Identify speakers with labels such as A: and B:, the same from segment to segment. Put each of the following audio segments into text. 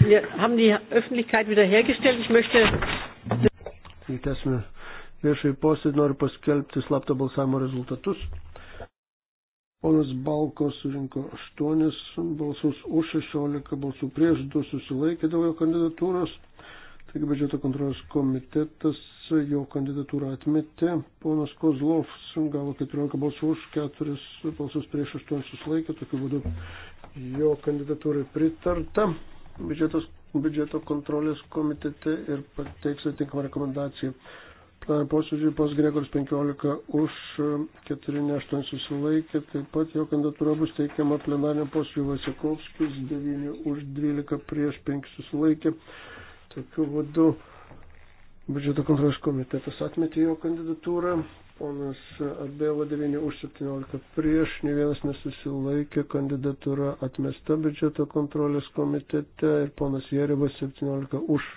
A: Wir haben die Öffentlichkeit wiederhergestellt. Ich möchte.
B: Tęsime viešai posėdį, noriu paskelbti slapto balsavimo rezultatus. Ponas Balko surinko 8 balsus už 16 balsų prieš, 2 susilaikė dėl jo kandidatūros. Taigi biudžeto kontrolės komitetas jo kandidatūrą atmetė. Ponas Kozlovs gavo 14 balsų už, 4 balsus prieš 8 susilaikė, tokiu būdu jo kandidatūrai pritarta biudžetos, biudžeto kontrolės komitete ir pateiks atitinkamą rekomendaciją. Planą posėdžiui pas Gregors 15 už 4-8 e, susilaikė, taip pat jo kandidatūra bus teikiama plenariniam posėdžiui Vasikovskis 9 už 12 prieš 5 susilaikė. Tokiu būdu biudžeto kontrolės komitetas atmetė jo kandidatūrą. Ponas Abėla 9 už 17 prieš, ne vienas nesusilaikė, kandidatūra atmesta biudžeto kontrolės komitete ir ponas Jerevas 17 už.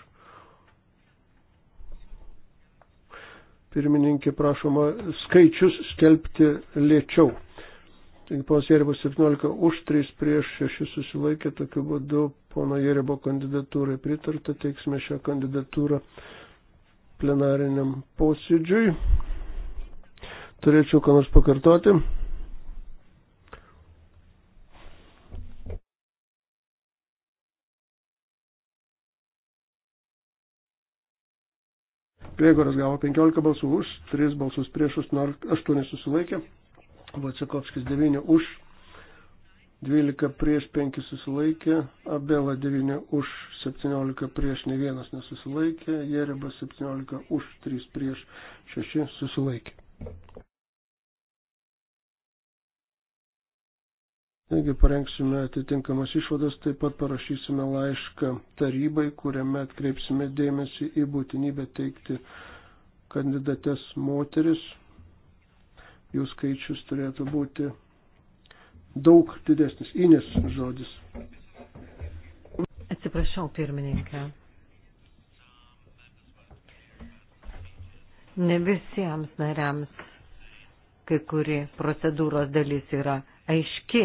B: Pirmininkė prašoma skaičius skelbti lėčiau. Taigi ponas Jerevas 17 už, 3 prieš, 6 susilaikė, tokiu būdu pono Jerevo kandidatūrai pritarta, teiksime šią kandidatūrą plenariniam posėdžiui. Turėčiau ką nors pakartoti. Priegoras gavo 15 balsų už, 3 balsus prieš, 8 susilaikė, Vatsikovskis 9 už, 12 prieš, 5 susilaikė, Abela 9 už, 17 prieš, ne vienas nesusilaikė, Jereba 17 už, 3 prieš, 6 susilaikė. Taigi parengsime atitinkamas išvadas, taip pat parašysime laišką tarybai, kuriame atkreipsime dėmesį į būtinybę teikti kandidates moteris. Jų skaičius turėtų būti daug didesnis. Ines žodis.
A: Atsiprašau, pirmininkė. Ne visiems nariams kai kuri procedūros dalis yra aiški.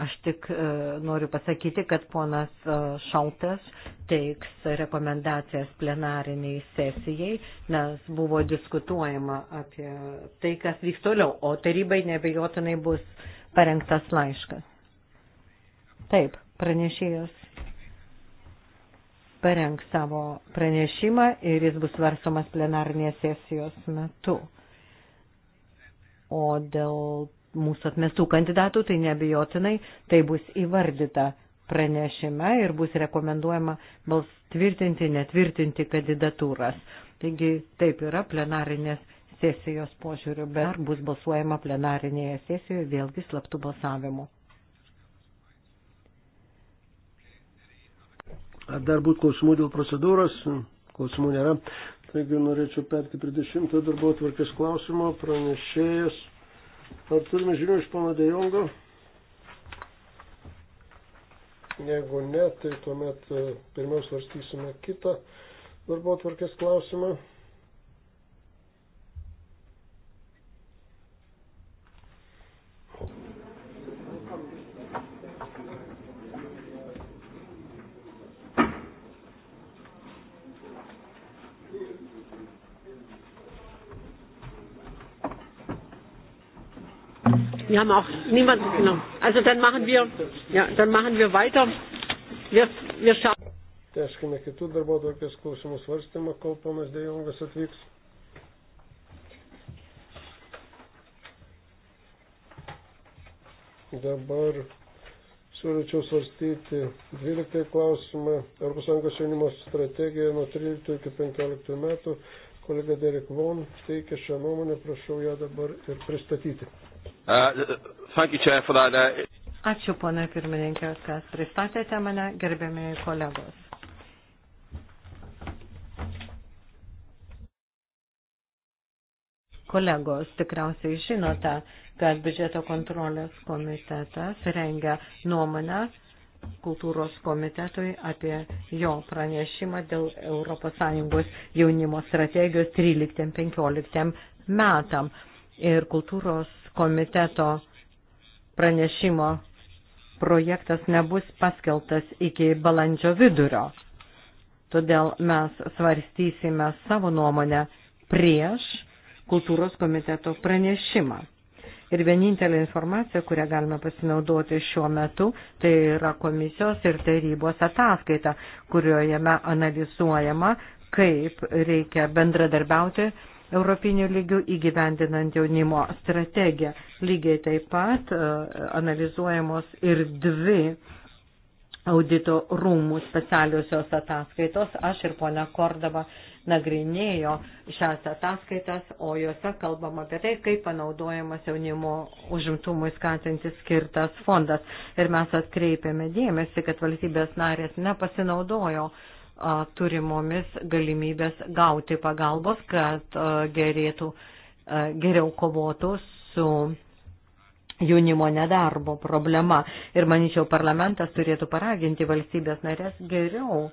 A: Aš tik e, noriu pasakyti, kad ponas e, Šaltas teiks rekomendacijas plenariniai sesijai, nes buvo diskutuojama apie tai, kas vyks toliau, o tarybai nebejotinai bus parengtas laiškas. Taip, pranešėjas parengs savo pranešimą ir jis bus svarstomas plenarnės sesijos metu. O dėl mūsų atmestų kandidatų, tai nebejotinai tai bus įvardyta pranešime ir bus rekomenduojama bals tvirtinti, netvirtinti kandidatūras. Taigi taip yra plenarinės sesijos požiūrių, bet ar bus balsuojama plenarinėje sesijoje vėlgi slaptų balsavimų.
B: Ar dar būtų klausimų dėl procedūros? Klausimų nėra. Taigi norėčiau perti prie dešimto darbo tvarkės klausimo. Pranešėjas Ar turime žinių iš pono Dejongo? Jeigu ne, tai tuomet e, pirmiausia svarstysime kitą darbo tvarkės klausimą.
A: Wir haben auch niemanden genommen. Also dann machen wir, ja, dann machen wir weiter.
B: Wir, wir schauen. Tęskime kitų darbo tokias klausimų svarstymą, kol ponas Dejongas atvyks. Dabar siūlyčiau svarstyti 12 klausimą Europos Sąjungos jaunimo strategiją nuo 13 iki 15 metų. Kolega Derek Von teikia šią nuomonę, prašau ją dabar ir pristatyti. Uh, uh,
A: Ačiū, ponai pirmininkė, kad pristatėte mane, gerbėmiai kolegos. Kolegos, tikriausiai žinote, kad biudžeto kontrolės komitetas rengia nuomonę kultūros komitetui apie jo pranešimą dėl ES jaunimo strategijos 13-15 metam. Ir kultūros komiteto pranešimo projektas nebus paskeltas iki balandžio vidurio. Todėl mes svarstysime savo nuomonę prieš kultūros komiteto pranešimą. Ir vienintelė informacija, kurią galime pasinaudoti šiuo metu, tai yra komisijos ir tarybos ataskaita, kurioje analizuojama, kaip reikia bendradarbiauti europinių lygių įgyvendinant jaunimo strategiją. Lygiai taip pat e, analizuojamos ir dvi audito rūmų specialiosios ataskaitos. Aš ir ponia Kordava nagrinėjo šias ataskaitas, o juose kalbama apie tai, kaip panaudojamas jaunimo užimtumui skatinti skirtas fondas. Ir mes atkreipėme dėmesį, kad valstybės narės nepasinaudojo uh, turimomis galimybės gauti pagalbos, kad gerėtų, geriau kovotų su jaunimo nedarbo problema. Ir manyčiau, parlamentas turėtų paraginti valstybės narės geriau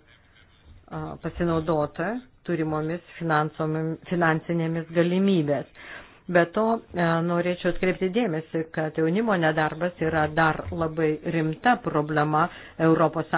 A: pasinaudoti turimomis finansinėmis galimybės. Be to, e, norėčiau atkreipti dėmesį, kad jaunimo nedarbas yra dar labai rimta problema ES,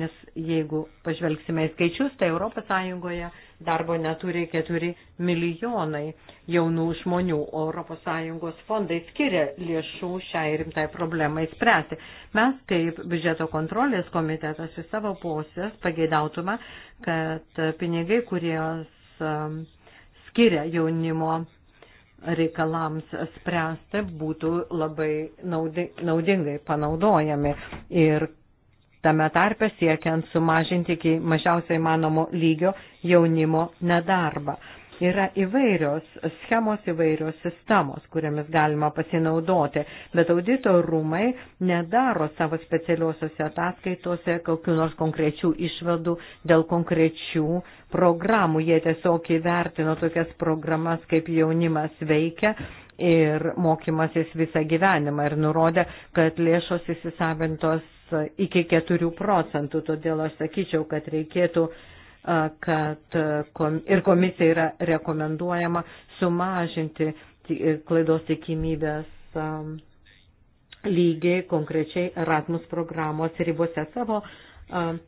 A: nes jeigu pažvelgsime į skaičius, tai ES darbo neturi 4 milijonai jaunų žmonių, o ES fondai skiria lėšų šiai rimtai problemai spręsti. Mes kaip biudžeto kontrolės komitetas į savo posės pageidautume, kad pinigai, kurie skiria jaunimo reikalams spręsti būtų labai naudingai panaudojami ir tame tarpe siekiant sumažinti iki mažiausiai manomo lygio jaunimo nedarbą. Yra įvairios schemos, įvairios sistemos, kuriamis galima pasinaudoti, bet audito rūmai nedaro savo specialiuosiuose ataskaitose kokiu nors konkrečių išvadų dėl konkrečių programų. Jie tiesiog įvertino tokias programas, kaip jaunimas veikia ir mokymasis visą gyvenimą ir nurodė, kad lėšos įsisavintos iki 4 procentų. Todėl aš sakyčiau, kad reikėtų kad ir komisija yra rekomenduojama sumažinti e, klaidos tikimybės lygiai konkrečiai Erasmus programos ribose savo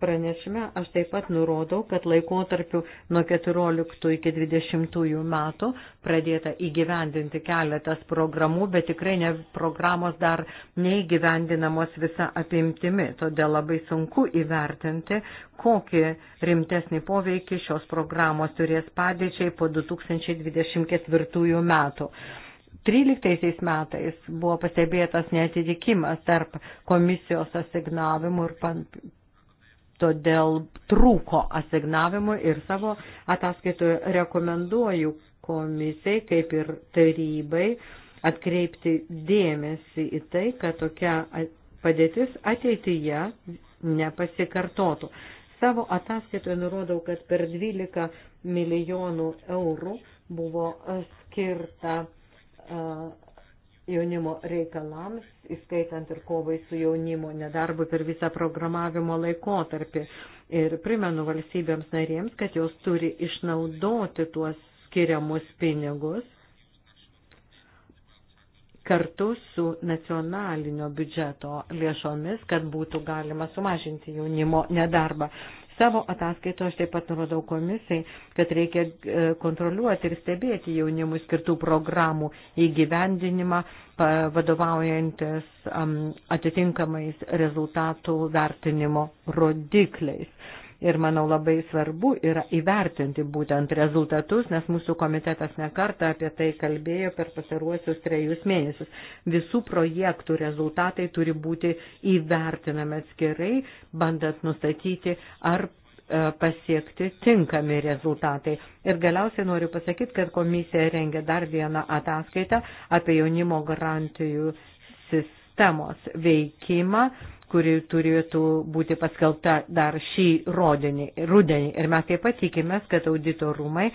A: pranešime aš taip pat nurodau, kad laikotarpiu nuo 14 iki 20 metų pradėta įgyvendinti keletas programų, bet tikrai ne, programos dar neįgyvendinamos visa apimtimi. Todėl labai sunku įvertinti, kokį rimtesnį poveikį šios programos turės padėčiai po 2024 metų. 2013 metais buvo pastebėtas netitikimas tarp komisijos asignavimų ir todėl trūko asignavimo ir savo ataskaitoje rekomenduoju komisijai, kaip ir tarybai, atkreipti dėmesį į tai, kad tokia padėtis ateityje nepasikartotų. Savo ataskaitoje nurodau, kad per 12 milijonų eurų buvo skirta uh, jaunimo reikalams, įskaitant ir kovai su jaunimo nedarbu per visą programavimo laikotarpį. Ir primenu valstybėms narėms, kad jos turi išnaudoti tuos skiriamus pinigus kartu su nacionalinio biudžeto lėšomis, kad būtų galima sumažinti jaunimo nedarbą. Savo ataskaito aš taip pat nurodau komisijai, kad reikia e, kontroliuoti ir stebėti jaunimui skirtų programų įgyvendinimą, vadovaujantis atitinkamais rezultatų vertinimo rodikliais. Ir manau labai svarbu yra įvertinti būtent rezultatus, nes mūsų komitetas nekarta apie tai kalbėjo per pasaruosius trejus mėnesius. Visų projektų rezultatai turi būti įvertinami atskirai, bandant nustatyti, ar e, pasiekti tinkami rezultatai. Ir galiausiai noriu pasakyti, kad komisija rengia dar vieną ataskaitą apie jaunimo garantijų sistemą sistemos veikimą, kuri turėtų būti paskelbta dar šį rodinį, rudenį. Ir mes taip pat tikimės, kad auditorumai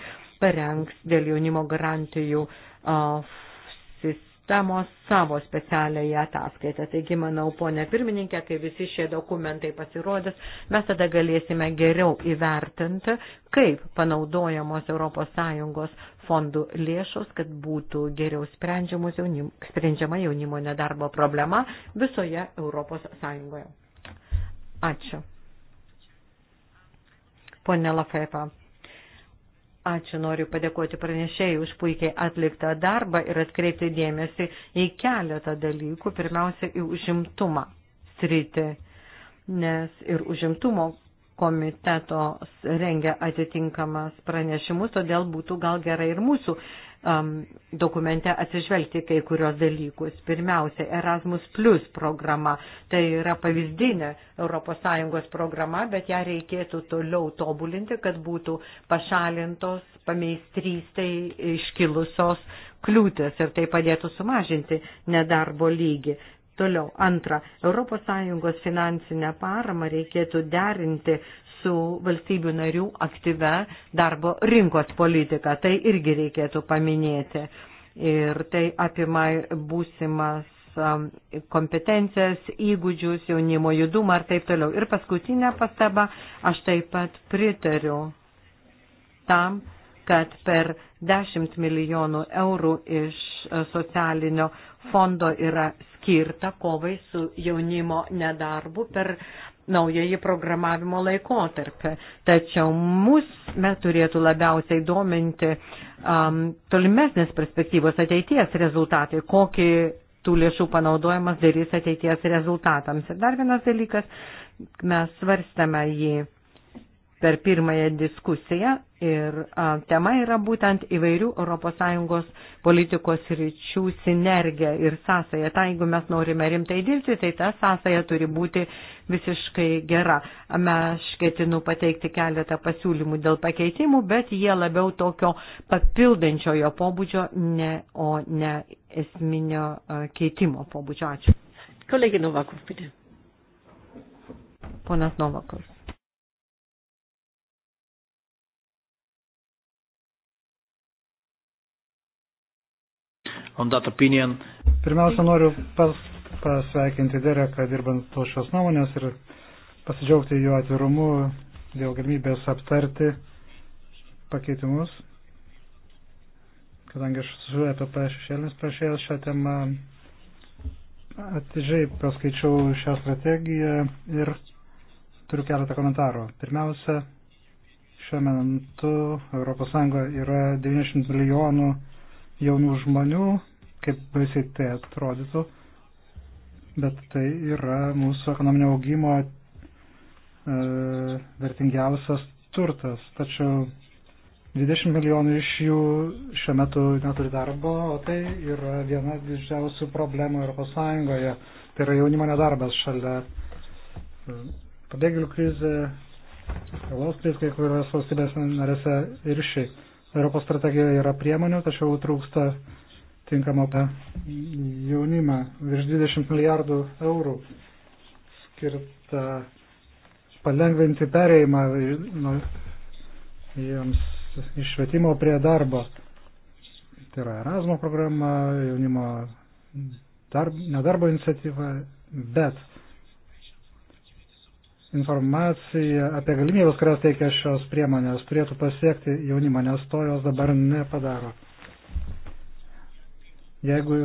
A: parengs dėl jaunimo garantijų temos savo specialiai ataskaitą. Taigi, manau, ponė pirmininkė, kai visi šie dokumentai pasirodys, mes tada galėsime geriau įvertinti, kaip panaudojamos ES fondų lėšos, kad būtų geriau jaunimo, sprendžiama jaunimo nedarbo problema visoje ES. Ačiū. Pone Lafepa, Ačiū, noriu padėkoti pranešėjai už puikiai atliktą darbą ir atkreipti dėmesį į keletą dalykų, pirmiausia, į užimtumą sritį, nes ir užimtumo komiteto rengia atitinkamas pranešimus, todėl būtų gal gerai ir mūsų um, dokumente atsižvelgti kai kurios dalykus. Pirmiausia, Erasmus Plus programa. Tai yra pavyzdinė ES programa, bet ją reikėtų toliau tobulinti, kad būtų pašalintos pameistrystai iškilusios kliūtis ir tai padėtų sumažinti nedarbo lygį. Toliau, antra, ES finansinę paramą reikėtų derinti su valstybių narių aktyve darbo rinkos politika. Tai irgi reikėtų paminėti. Ir tai apima būsimas um, kompetencijas, įgūdžius, jaunimo judumą ir taip toliau. Ir paskutinė pastaba, aš taip pat pritariu tam, kad per 10 milijonų eurų iš socialinio fondo yra skirta kovai su jaunimo nedarbu per naująjį programavimo laikotarpį. Tačiau mus turėtų labiausiai dominti um, tolimesnės perspektyvos ateities rezultatai, kokį tų lėšų panaudojimas darys ateities rezultatams. Ir dar vienas dalykas, mes svarstame jį per pirmąją diskusiją Ir a, tema yra būtent įvairių ES politikos ryčių sinergija ir sąsaja. Ta, jeigu mes norime rimtai dirbti, tai ta sąsaja turi būti visiškai gera. Aš ketinu pateikti keletą pasiūlymų dėl pakeitimų, bet jie labiau tokio papildančiojo pobūdžio, ne, o ne esminio a, keitimo pobūdžio. Ačiū. Kolegė Novakov, pidė. Ponas Novakovas. on that opinion.
C: Pirmiausia, noriu pas, pasveikinti Dereką dirbant to šios nuomonės ir pasidžiaugti jo atvirumu dėl galimybės aptarti pakeitimus, kadangi aš su EPP šešėlinis prašėjęs šią temą atidžiai paskaičiau šią strategiją ir turiu keletą komentarų. Pirmiausia, šiuo metu ES yra 90 milijonų jaunų žmonių, kaip baisiai tai atrodytų, bet tai yra mūsų ekonominio augimo e, vertingiausias turtas. Tačiau 20 milijonų iš jų šiuo metu neturi darbo, o tai yra viena didžiausių problemų ES. Tai yra jaunimo nedarbas šalia e, pabėgėlių krizė, Kalos krizė, kai kurios valstybės narėse ir šiai. Europos strategijoje yra priemonių, tačiau trūksta uh, tinkamą jaunimą. Virš 20 milijardų eurų skirta palengventi perėjimą nu, jiems iš švietimo prie darbo. Tai yra Erasmo programa, jaunimo darb, nedarbo iniciatyva, bet informacija apie galimybės, kurias teikia šios priemonės, turėtų pasiekti jaunimą, nes to jos dabar nepadaro jeigu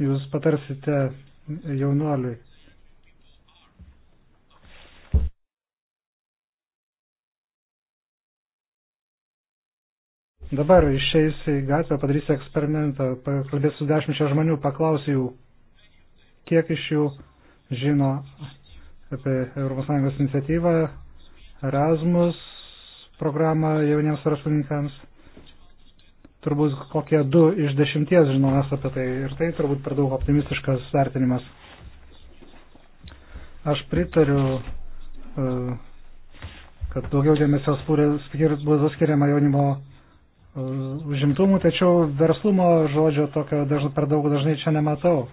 C: jūs patarsite jaunoliui. Dabar išeisi į gatvę, padarysi eksperimentą, pakalbėsi su dešimčia žmonių, paklausi jų, kiek iš jų žino apie ES iniciatyvą, Erasmus programą jauniems verslininkams turbūt kokie du iš dešimties žinomas apie tai ir tai turbūt per daug optimistiškas vertinimas. Aš pritariu, e, kad daugiau dėmesio būtų skiriama jaunimo e, užimtumų, tačiau verslumo žodžio tokio dažnai, per daug dažnai čia nematau.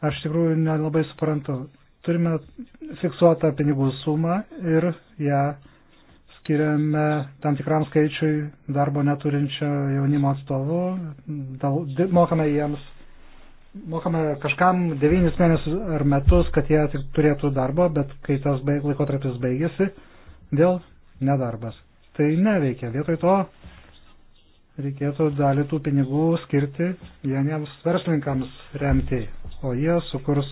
C: Aš tikrųjų nelabai suprantu. Turime fiksuotą pinigų sumą ir ją ja, skiriame tam tikram skaičiui darbo neturinčio jaunimo atstovų, dal, di, mokame jiems, mokame kažkam devynis mėnesius ar metus, kad jie tik turėtų darbo, bet kai tas baig, laikotarpis baigėsi, dėl nedarbas. Tai neveikia. Vietoj to reikėtų dalį tų pinigų skirti jauniems verslininkams remti, o jie sukurs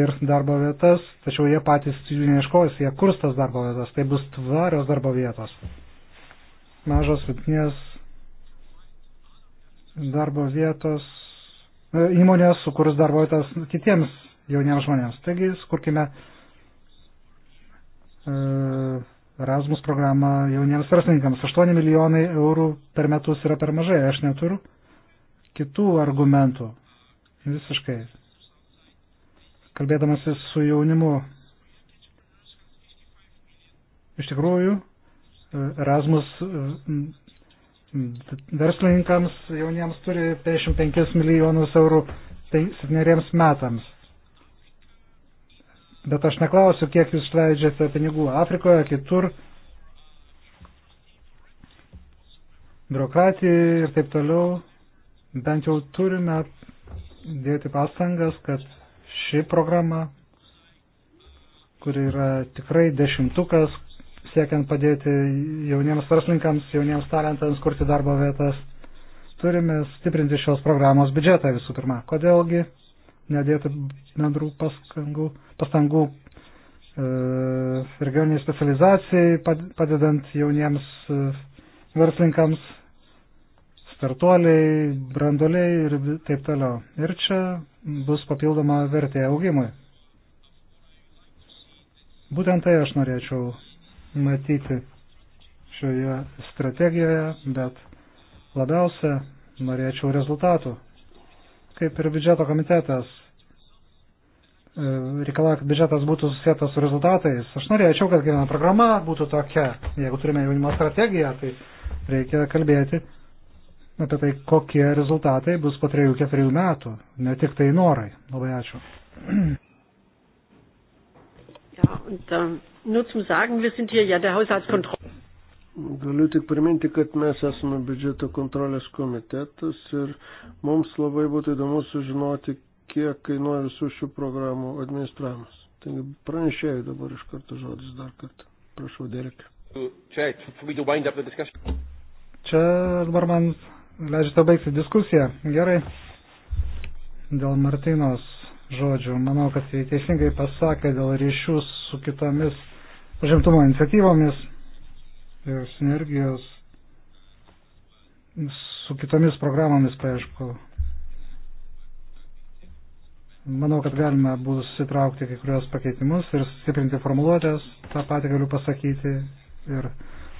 C: ir darbo vietas, tačiau jie patys jų neieškos, jie kurs tas darbo vietas, tai bus tvarios darbo vietos. Mažos vidinės darbo vietos, e, įmonės sukurs darbo vietas kitiems jauniems žmonėms. Taigi, skurkime e, Erasmus programą jauniems verslininkams. 8 milijonai eurų per metus yra per mažai, aš neturiu kitų argumentų. Visiškai kalbėdamasis su jaunimu. Iš tikrųjų, e, Erasmus e, verslininkams jauniems turi 55 milijonus eurų tai septyneriems metams. Bet aš neklausiu, kiek jūs leidžiate pinigų Afrikoje, kitur, biurokratijai ir taip toliau. Bent jau turime dėti pastangas, kad Ši programa, kuri yra tikrai dešimtukas, siekiant padėti jauniems verslininkams, jauniems talentams kurti darbo vietas, turime stiprinti šios programos biudžetą visų pirma. Kodėlgi nedėti bendrų pastangų, pastangų e, regioniniai specializacijai, padedant jauniems e, verslininkams startuoliai, brandoliai ir taip toliau. Ir čia bus papildoma vertė augimui. Būtent tai aš norėčiau matyti šioje strategijoje, bet labiausia norėčiau rezultatų. Kaip ir biudžeto komitetas e, reikalauja, kad biudžetas būtų susijęs su rezultatais. Aš norėčiau, kad gyvena programa būtų tokia. Jeigu turime jaunimo strategiją, tai reikia kalbėti apie tai, kokie rezultatai bus po 3-4 metų, ne tik tai norai. Labai ačiū.
A: Ja, und, um, nur zum Sagen, wir sind hier ja der Haushaltskontrolle.
B: Galiu tik priminti, kad mes esame biudžeto kontrolės komitetas ir mums labai būtų įdomu sužinoti, kiek kainuoja visų šių programų administravimas. Taigi pranešėjai dabar iš karto žodis dar kartą. Prašau, Derek. Čia dabar man Leidžiate baigti diskusiją.
C: Gerai. Dėl Martinos žodžių. Manau, kad jie teisingai pasakė dėl ryšių su kitomis užimtumo iniciatyvomis ir sinergijos su kitomis programomis paieškų. Manau, kad galime bus įtraukti kai kurios pakeitimus ir stiprinti formuluotės. Ta pati galiu pasakyti ir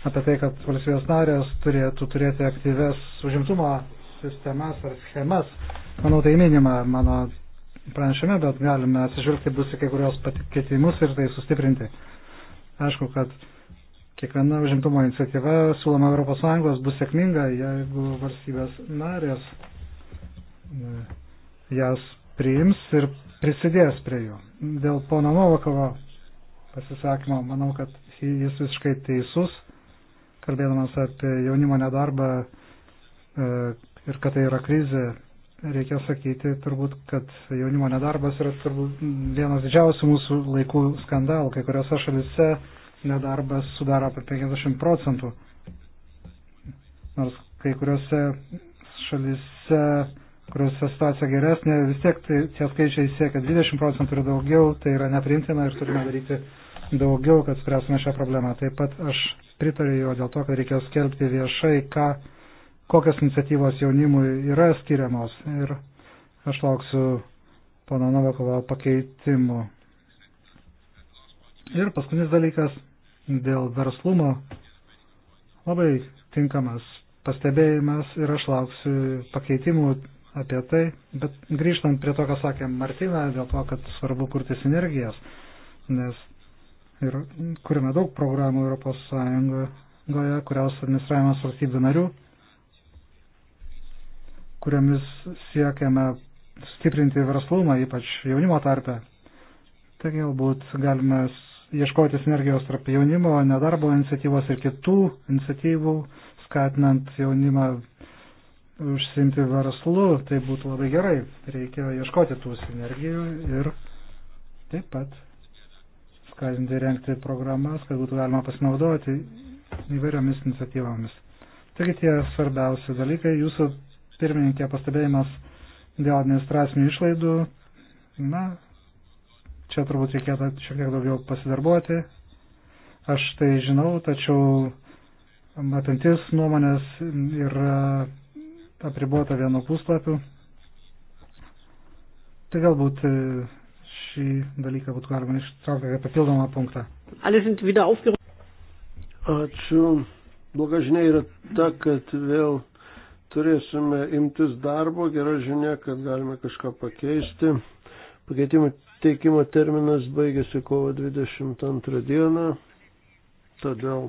C: apie tai, kad valstybės narės turėtų turėti aktyves užimtumo sistemas ar schemas. Manau, tai minima mano pranešime, bet galime atsižvelgti bus į kai kurios patikėtimus ir tai sustiprinti. Aišku, kad kiekviena užimtumo iniciatyva siūloma ES bus sėkminga, jeigu valstybės narės e, jas priims ir prisidės prie jų. Dėl pono Novakovo pasisakymo, manau, kad jis visiškai teisus kalbėdamas apie jaunimo nedarbą e, ir kad tai yra krizė, reikia sakyti turbūt, kad jaunimo nedarbas yra turbūt vienas didžiausių mūsų laikų skandalų. Kai kuriuose šalise nedarbas sudaro apie 50 procentų. Nors kai kuriuose šalise, kuriuose situacija geresnė, vis tiek tai, tie skaičiai siekia 20 procentų ir daugiau, tai yra neprimtina ir turime daryti daugiau, kad spręsime šią problemą. Taip pat aš pritariu jo dėl to, kad reikia skelbti viešai, ką, kokios iniciatyvos jaunimui yra skiriamos. Ir aš lauksiu pono Novakovo pakeitimų. Ir paskutinis dalykas dėl verslumo. Labai tinkamas pastebėjimas ir aš lauksiu pakeitimų apie tai. Bet grįžtant prie to, ką sakė Martina, dėl to, kad svarbu kurti sinergijas, nes ir kuriame daug programų Europos Sąjungoje, kurios administravimas valstybių narių, kuriamis siekiame stiprinti verslumą, ypač jaunimo tarpe. Taigi galbūt galime ieškoti sinergijos tarp jaunimo, nedarbo iniciatyvos ir kitų iniciatyvų, skatinant jaunimą užsimti verslu, tai būtų labai gerai. Reikia ieškoti tų sinergijų ir taip pat skatinti renkti programas, kad būtų galima pasinaudoti įvairiomis iniciatyvomis. Taigi tie svarbiausi dalykai, jūsų pirmininkė pastebėjimas dėl administracinių išlaidų, na, čia turbūt reikėtų šiek tiek daugiau pasidarbuoti. Aš tai žinau, tačiau matantis nuomonės yra apribota vienu puslapiu. Tai galbūt šį dalyką būtų galima ištraukti kaip papildomą punktą.
B: Ačiū. Bloga žinia yra ta, kad vėl turėsime imtis darbo. Gera žinia, kad galime kažką pakeisti. Pakeitimo teikimo terminas baigėsi kovo 22 dieną. Todėl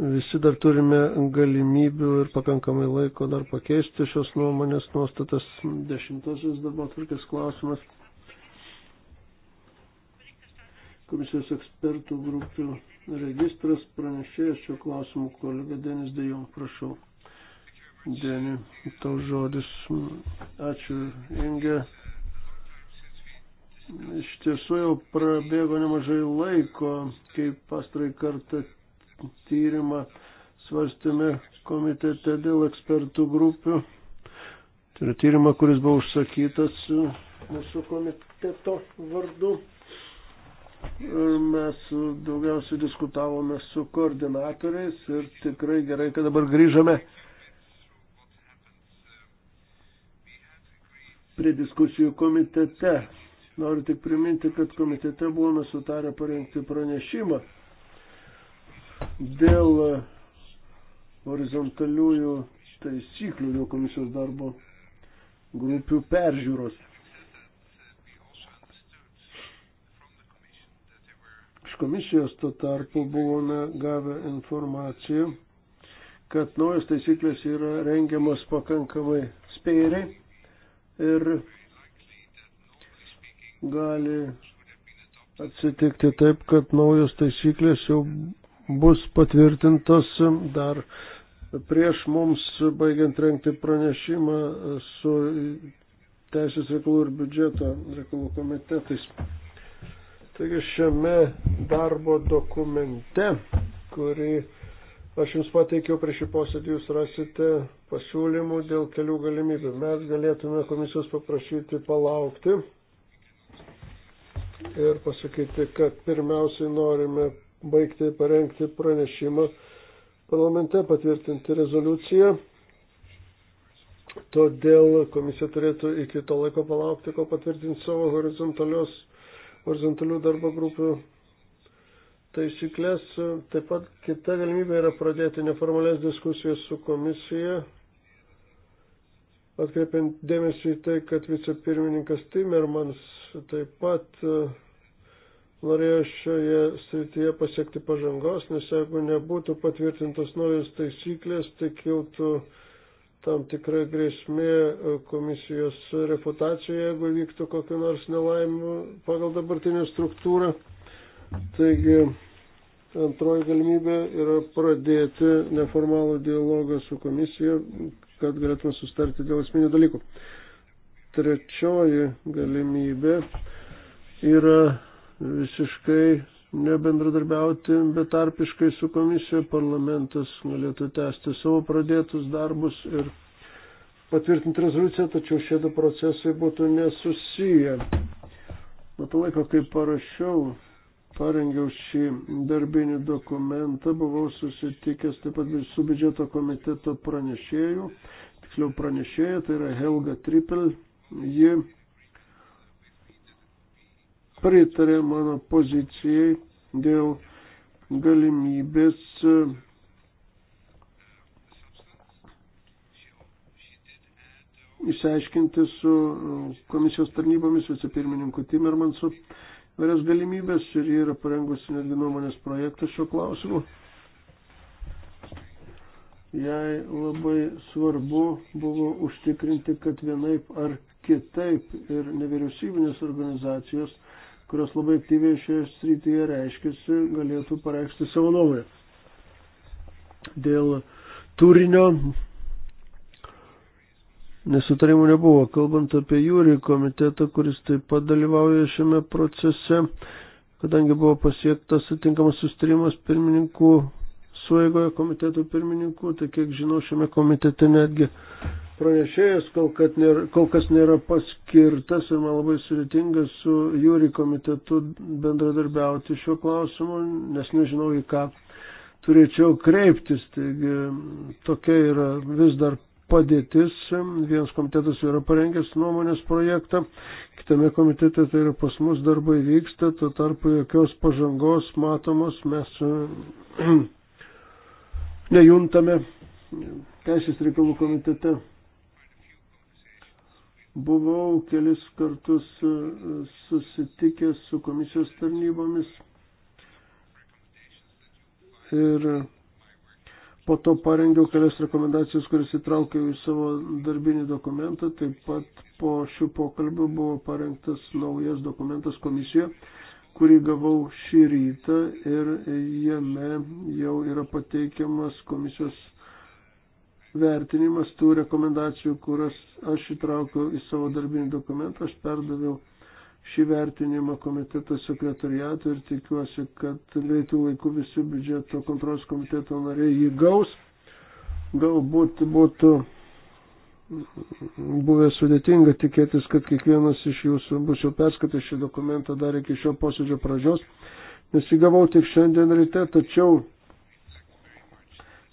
B: visi dar turime galimybių ir pakankamai laiko dar pakeisti šios nuomonės nuostatas. Dešimtasis darbo atvarkės klausimas. komisijos ekspertų grupių registras pranešėjas šio klausimų kolega Denis Dejong, prašau. Deni, tau žodis. Ačiū, Inge. Iš tiesų jau prabėgo nemažai laiko, kai pastarai kartą tyrimą svarstėme komitete dėl ekspertų grupių. Tai yra tyrimą, kuris buvo užsakytas mūsų komiteto vardu mes daugiausiai diskutavome su koordinatoriais ir tikrai gerai, kad dabar grįžome prie diskusijų komitete. Noriu tik priminti, kad komitete buvome sutarę parengti pranešimą dėl horizontaliųjų taisyklių dėl komisijos darbo grupių peržiūros. komisijos tuo tarpu buvome gavę informaciją, kad naujas taisyklės yra rengiamas pakankamai spėriai ir gali atsitikti taip, kad naujos taisyklės jau bus patvirtintos dar prieš mums baigiant renkti pranešimą su Teisės reikalų ir biudžeto reikalų komitetais. Taigi šiame darbo dokumente, kurį aš Jums pateikiau prieš šį posėdį, Jūs rasite pasiūlymų dėl kelių galimybių. Mes galėtume komisijos paprašyti palaukti ir pasakyti, kad pirmiausiai norime baigti parengti pranešimą parlamente patvirtinti rezoliuciją. Todėl komisija turėtų iki to laiko palaukti, kol patvirtins savo horizontalios horizontalių darbo grupių taisyklės. Taip pat kita galimybė yra pradėti neformalės diskusijas su komisija, atkreipiant dėmesį į tai, kad vicepirmininkas Timermans taip pat e, norėjo šioje srityje pasiekti pažangos, nes jeigu nebūtų patvirtintos naujos taisyklės, tai kiltų tam tikra grėsmė e, komisijos reputacijai, jeigu vyktų kokiu nors nelaimu pagal dabartinę struktūrą. Taigi antroji galimybė yra pradėti neformalų dialogą su komisija, kad galėtume sustarti dėl asmeninių dalykų. Trečioji galimybė yra visiškai nebendradarbiauti betarpiškai su komisija, parlamentas galėtų tęsti savo pradėtus darbus ir patvirtinti rezoliuciją, tačiau šie du procesai būtų nesusiję. Matau laiką, kai parašiau, parengiau šį darbinį dokumentą, buvau susitikęs taip pat su biudžeto komiteto pranešėjų, tiksliau pranešėja, tai yra Helga Tripel, ji pritarė mano pozicijai dėl galimybės e, išsiaiškinti su e, komisijos tarnybomis, vicepirmininku Timermansu, varias galimybės ir yra parengusi netgi nuomonės projektą šio klausimu. Jai labai svarbu buvo užtikrinti, kad vienaip ar kitaip ir nevyriausybinės organizacijos kurios labai aktyviai šioje srityje reiškiasi, galėtų pareikšti savo nuomonę. Dėl turinio nesutarimų nebuvo. Kalbant apie jūrį komitetą, kuris taip pat dalyvauja šiame procese, kadangi buvo pasiektas atitinkamas sustarimas pirmininkų suėgoje komitetų pirmininkų, tai kiek žinau, šiame komitete netgi pranešėjas kol, nėra, kol kas nėra paskirtas ir man labai sudėtinga su jūri komitetu bendradarbiauti šiuo klausimu, nes nežinau į ką turėčiau kreiptis. Taigi tokia yra vis dar padėtis. Vienas komitetas yra parengęs nuomonės projektą, kitame komitete tai yra pas mus darbai vyksta, tuo tarpu jokios pažangos matomos mes nejuntame. Teisės reikalų komitete buvau kelis kartus e, susitikęs su komisijos tarnybomis ir po to parengiau kelias rekomendacijas, kuris įtraukiau į savo darbinį dokumentą. Taip pat po šių pokalbių buvo parengtas naujas dokumentas komisijoje kurį gavau šį rytą ir jame jau yra pateikiamas komisijos vertinimas tų rekomendacijų, kurias aš įtraukiau į savo darbinį dokumentą, aš perdaviau šį vertinimą komiteto sekretariatui ir tikiuosi, kad greitų laikų visi biudžeto kontrolos komiteto nariai jį gaus. Galbūt būtų buvę sudėtinga tikėtis, kad kiekvienas iš jūsų bus jau perskaitęs šį dokumentą dar iki šio posėdžio pradžios, nes įgavau tik šiandien ryte, tačiau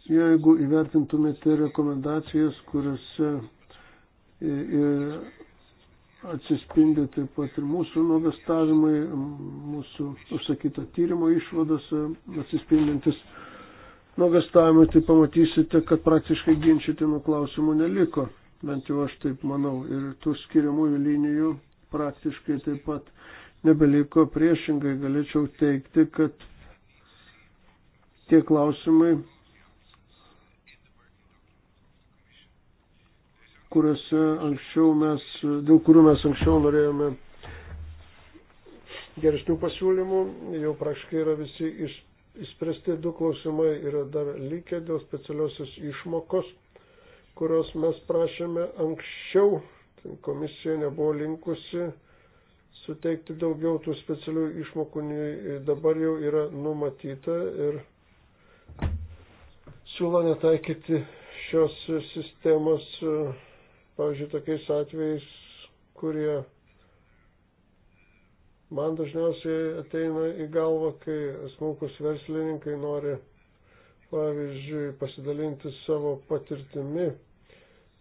B: jeigu įvertintumėte rekomendacijas, kuriuose atsispindi taip pat ir mūsų nuogastavimai, mūsų užsakyto tyrimo išvadas atsispindintis nuogastavimai, tai pamatysite, kad praktiškai ginčytinų klausimų neliko bent jau aš taip manau, ir tų skiriamųjų linijų praktiškai taip pat nebeliko priešingai, galėčiau teikti, kad tie klausimai, kuriuose anksčiau mes, dėl kurių mes anksčiau norėjome geresnių pasiūlymų, jau praškai yra visi iš, išspręsti du klausimai, yra dar likę dėl specialiosios išmokos kurios mes prašėme anksčiau. Ten tai komisija nebuvo linkusi suteikti daugiau tų specialių išmokų, dabar jau yra numatyta ir siūlo netaikyti šios sistemos, pavyzdžiui, tokiais atvejais, kurie man dažniausiai ateina į galvą, kai smulkus verslininkai nori, pavyzdžiui, pasidalinti savo patirtimi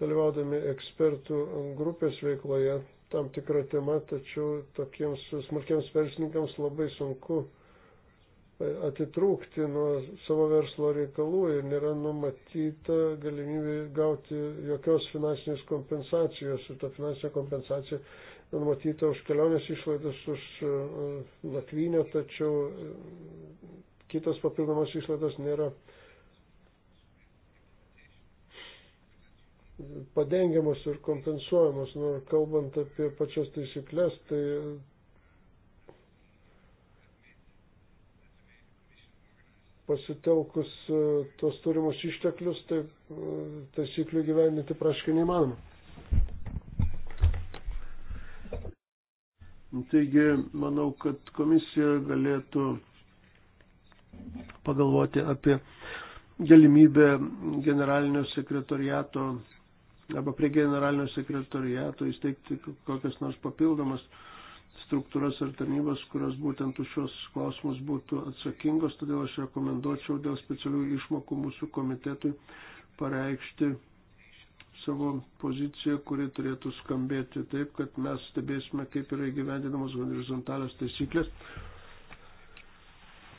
B: dalyvaudami ekspertų grupės veikloje tam tikrą temą, tačiau tokiems smulkiems verslininkams labai sunku e, atitrūkti nuo savo verslo reikalų ir nėra numatyta galimybė gauti jokios finansinės kompensacijos ir ta finansinė kompensacija numatyta už kelionės išlaidas, už nakvynę, e, tačiau e, kitos papildomos išlaidos nėra padengiamos ir kompensuojamos. Nu, kalbant apie pačias taisyklės, tai pasitelkus e, tos turimus išteklius, tai e, taisyklių gyveninti praškai neįmanoma. Taigi, manau, kad komisija galėtų pagalvoti apie galimybę generalinio sekretoriato arba prie generalinio sekretoriato įsteigti kokias nors papildomas struktūras ar tarnybas, kurios būtent už šios klausimus būtų atsakingos. Todėl aš rekomenduočiau dėl specialių išmokų mūsų komitetui pareikšti savo poziciją, kuri turėtų skambėti taip, kad mes stebėsime, kaip yra įgyvendinamos horizontalios taisyklės.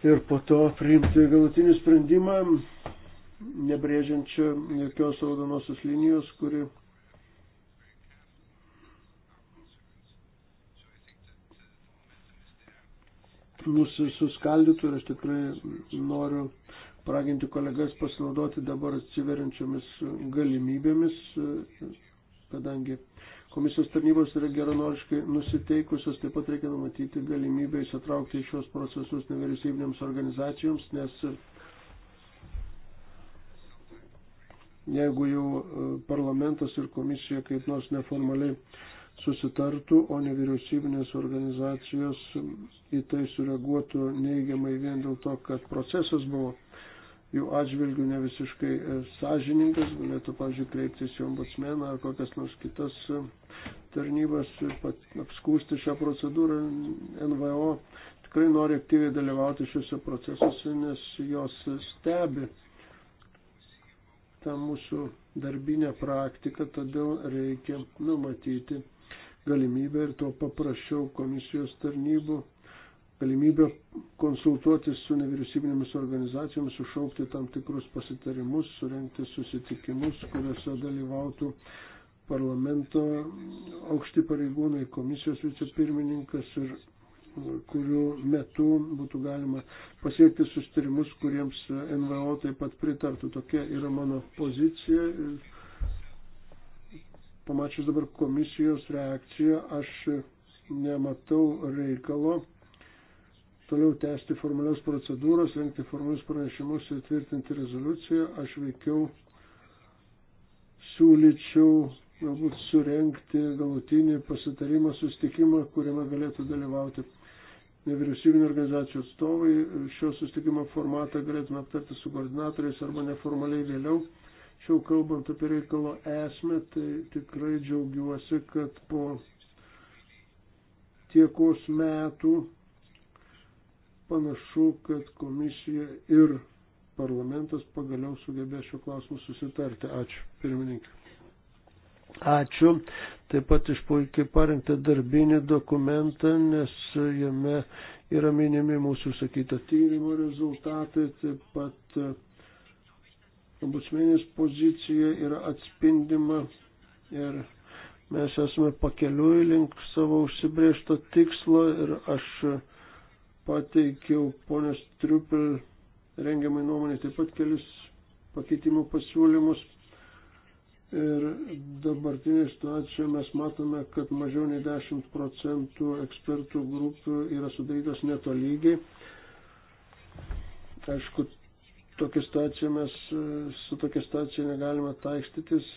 B: Ir po to priimti galutinį sprendimą nebrėžiančią jokios raudonosios linijos, kuri mūsų suskaldytų ir aš tikrai noriu praginti kolegas pasinaudoti dabar atsiveriančiomis galimybėmis, kadangi komisijos tarnybos yra geranoriškai nusiteikusios, taip pat reikia numatyti galimybę įsitraukti į šios procesus nevyriausybinėms organizacijoms, nes jeigu jau e, parlamentas ir komisija kaip nors neformaliai susitartų, o nevyriausybinės organizacijos į tai sureaguotų neigiamai vien dėl to, kad procesas buvo jų atžvilgių ne visiškai e, sąžiningas, galėtų, pavyzdžiui, kreiptis į ombudsmeną ar kokias nors kitas e, tarnybas ir apskūsti šią procedūrą. NVO tikrai nori aktyviai dalyvauti šiuose procesuose, nes jos stebi tą mūsų darbinę praktiką, todėl reikia numatyti galimybę ir to paprašiau komisijos tarnybų galimybę konsultuotis su nevyriausybinėmis organizacijomis, sušaukti tam tikrus pasitarimus, surenkti susitikimus, kuriuose dalyvautų parlamento aukšti pareigūnai, komisijos vicepirmininkas ir kurių metu būtų galima pasiekti sustarimus, kuriems NVO taip pat pritartų. Tokia yra mano pozicija. Pamačius dabar komisijos reakciją, aš nematau reikalo toliau tęsti formalios procedūros, rengti formalius pranešimus ir tvirtinti rezoliuciją. Aš veikiau siūlyčiau galbūt surenkti galutinį pasitarimą, sustikimą, kuriame galėtų dalyvauti nevyriausybinio organizacijų atstovai. Šio sustikimo formatą galėtume aptarti su koordinatoriais arba neformaliai vėliau. Šiau kalbant apie reikalo esmę, tai tikrai džiaugiuosi, kad po tiekos metų panašu, kad komisija ir parlamentas pagaliau sugebės šio klausimu susitarti. Ačiū, pirmininkė. Ačiū. Taip pat iš puikiai parengtą darbinį dokumentą, nes jame yra minimi mūsų sakyta tyrimo rezultatai, taip pat e, ombudsmenės pozicija yra atspindima ir mes esame pakeliui link savo užsibriešto tikslo ir aš pateikiau ponės Triupel rengiamai nuomonė taip pat kelis pakeitimų pasiūlymus Ir dabartinėje situacijoje mes matome, kad mažiau nei 10 procentų ekspertų grupių yra sudarytos netolygiai. Aišku, tokia situacija mes su tokia situacija negalime taikstytis,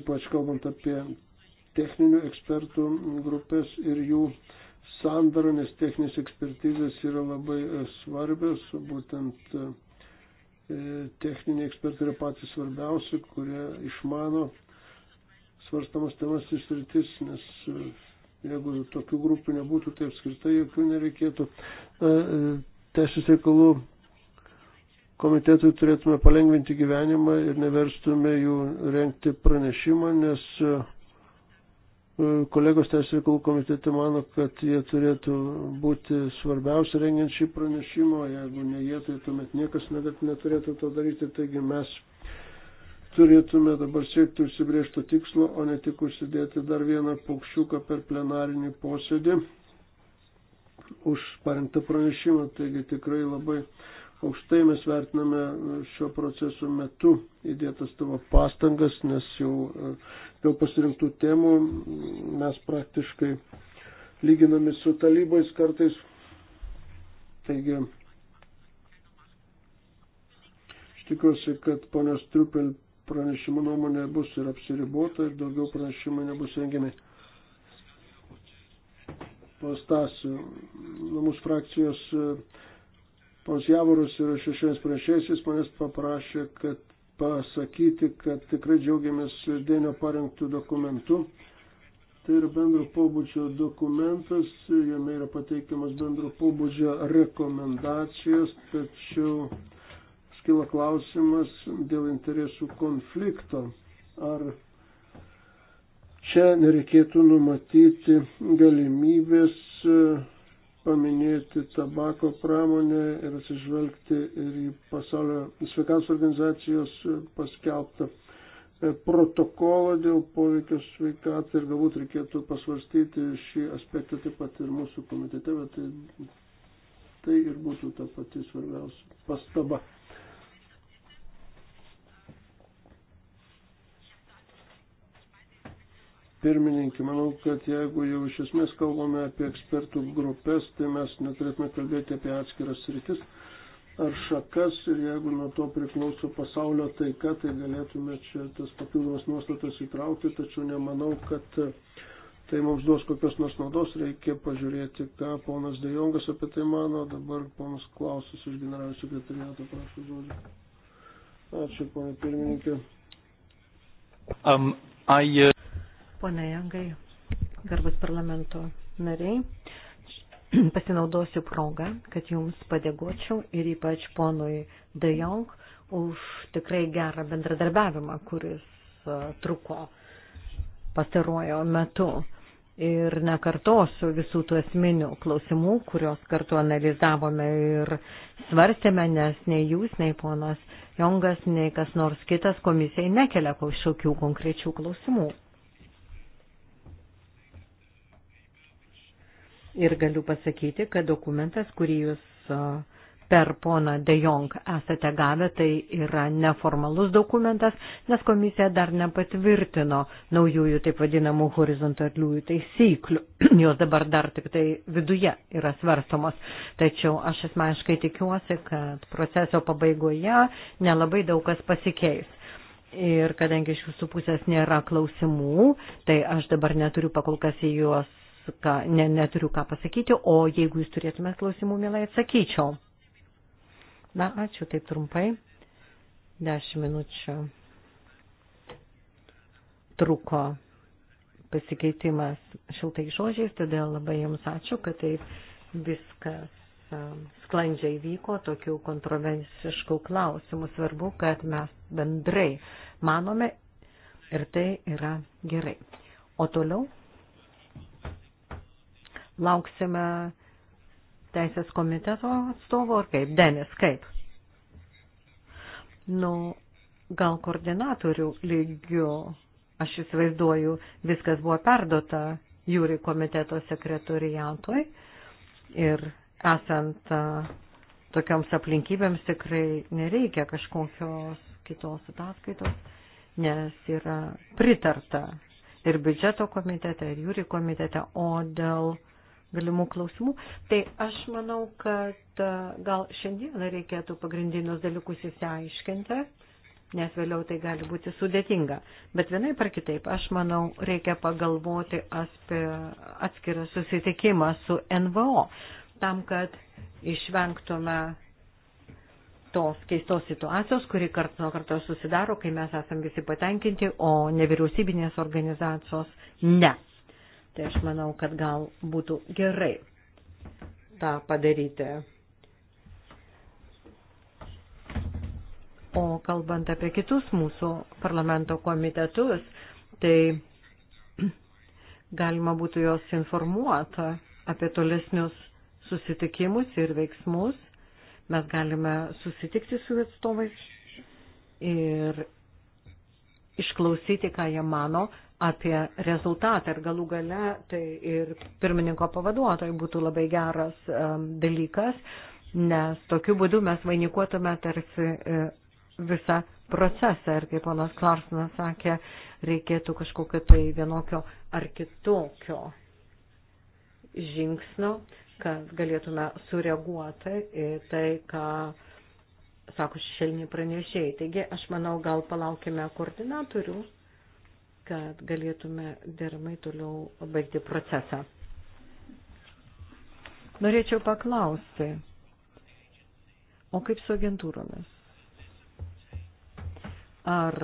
B: ypač kalbant apie techninių ekspertų grupės ir jų sandarą, nes techninės ekspertizės yra labai svarbios, būtent E, techniniai ekspertai yra patys svarbiausi, kurie išmano svarstamas temas ir sritis, nes e, jeigu tokių grupių nebūtų, tai apskritai jokių nereikėtų. E, Teisės reikalų komitetui turėtume palengventi gyvenimą ir neverstume jų renkti pranešimą, nes E, kolegos Teisės reikalų komitete mano, kad jie turėtų būti svarbiausi rengiant šį pranešimą, jeigu ne jie, tai tuomet niekas neturėtų to daryti, taigi mes turėtume dabar siekti užsibriežto tikslo, o ne tik užsidėti dar vieną paukščiuką per plenarinį posėdį už parengtą pranešimą, taigi tikrai labai aukštai mes vertiname šio proceso metu įdėtas tavo pastangas, nes jau dėl pasirinktų temų mes praktiškai lyginami su talybais kartais. Taigi, aš tikiuosi, kad ponios Triupel pranešimo nuomonė bus ir apsiribota ir daugiau pranešimų nebus rengiami. Pastasiu, nuo mūsų frakcijos e, Pons Javoras yra šešiems pranešėjais, jis manęs paprašė, kad pasakyti, kad tikrai džiaugiamės Dėnio parengtų dokumentų. Tai yra bendro pobūdžio dokumentas, jame yra pateikiamas bendro pobūdžio rekomendacijos, tačiau skila klausimas dėl interesų konflikto. Ar čia nereikėtų numatyti galimybės paminėti tabako pramonę ir atsižvelgti ir į pasaulio sveikatos organizacijos paskelbtą e, protokolą dėl poveikio sveikatai ir galbūt reikėtų pasvarstyti šį aspektą taip pat ir mūsų komitete, bet tai, tai ir būtų ta pati svarbiausia pastaba. pirmininkė, manau, kad jeigu jau iš esmės kalbame apie ekspertų grupės, tai mes neturėtume kalbėti apie atskiras sritis ar šakas ir jeigu nuo to priklauso pasaulio taika, tai galėtume čia tas papildomas nuostatas įtraukti, tačiau nemanau, kad tai mums duos kokios nors naudos, reikia pažiūrėti, ką ponas Dejongas apie tai mano, dabar ponas Klausas iš generalinio sekretariato prašo žodžio. Ačiū, ponė pirmininkė.
A: Um, I, uh... Pone Jangai, garbus parlamento nariai, pasinaudosiu progą, kad jums padėgočiau ir ypač ponui De Jong už tikrai gerą bendradarbiavimą, kuris truko pastarojo metu. Ir nekartosiu visų tų esminių klausimų, kuriuos kartu analizavome ir svarstėme, nes nei jūs, nei ponas Jongas, nei kas nors kitas komisijai nekelia kažkokių konkrečių klausimų. ir galiu pasakyti, kad dokumentas, kurį jūs per poną De Jong esate gavę, tai yra neformalus dokumentas, nes komisija dar nepatvirtino naujųjų taip vadinamų horizontaliųjų taisyklių. Jos dabar dar tik tai viduje yra svarstomos. Tačiau aš asmeniškai tikiuosi, kad proceso pabaigoje nelabai daug kas pasikeis. Ir kadangi iš jūsų pusės nėra klausimų, tai aš dabar neturiu pakolkas į juos ką, ne, neturiu ką pasakyti, o jeigu jūs turėtumėt klausimų, mielai atsakyčiau. Na, ačiū taip trumpai. Dešimt minučių truko pasikeitimas šiltai žodžiais, todėl labai jums ačiū, kad taip viskas sklandžiai vyko tokių kontroversiškų klausimų. Svarbu, kad mes bendrai manome ir tai yra gerai. O toliau Lauksime teisės komiteto atstovo ar kaip? Denis, kaip? Nu, gal koordinatorių lygių, aš įsivaizduoju, viskas buvo perdota jūri komiteto sekretoriatui ir esant tokioms aplinkybėms tikrai nereikia kažkokios kitos ataskaitos, nes yra pritarta ir biudžeto komitete, ir jūri komitete, o dėl galimų klausimų. Tai aš manau, kad e, gal šiandien reikėtų pagrindinius dalykus įsiaiškinti, nes vėliau tai gali būti sudėtinga. Bet vienai par kitaip, aš manau, reikia pagalvoti apie atskirą susitikimą su NVO, tam, kad išvengtume tos keistos situacijos, kuri kart nuo karto susidaro, kai mes esam visi patenkinti, o nevyriausybinės organizacijos ne. Tai aš manau, kad gal būtų gerai tą padaryti. O kalbant apie kitus mūsų parlamento komitetus, tai galima būtų jos informuota apie tolesnius susitikimus ir veiksmus. Mes galime susitikti su atstovais ir išklausyti, ką jie mano apie rezultatą ir galų gale tai ir pirmininko pavaduotojai būtų labai geras um, dalykas, nes tokiu būdu mes vainikuotume tarsi e, visą procesą ir kaip ponas Klarsonas sakė, reikėtų kažkokio tai vienokio ar kitokio žingsnio, kad galėtume sureaguoti į tai, ką sako šešėliniai pranešėjai. Taigi, aš manau, gal palaukime koordinatorių kad galėtume deramai toliau baigti procesą. Norėčiau paklausti, o kaip su agentūromis? Ar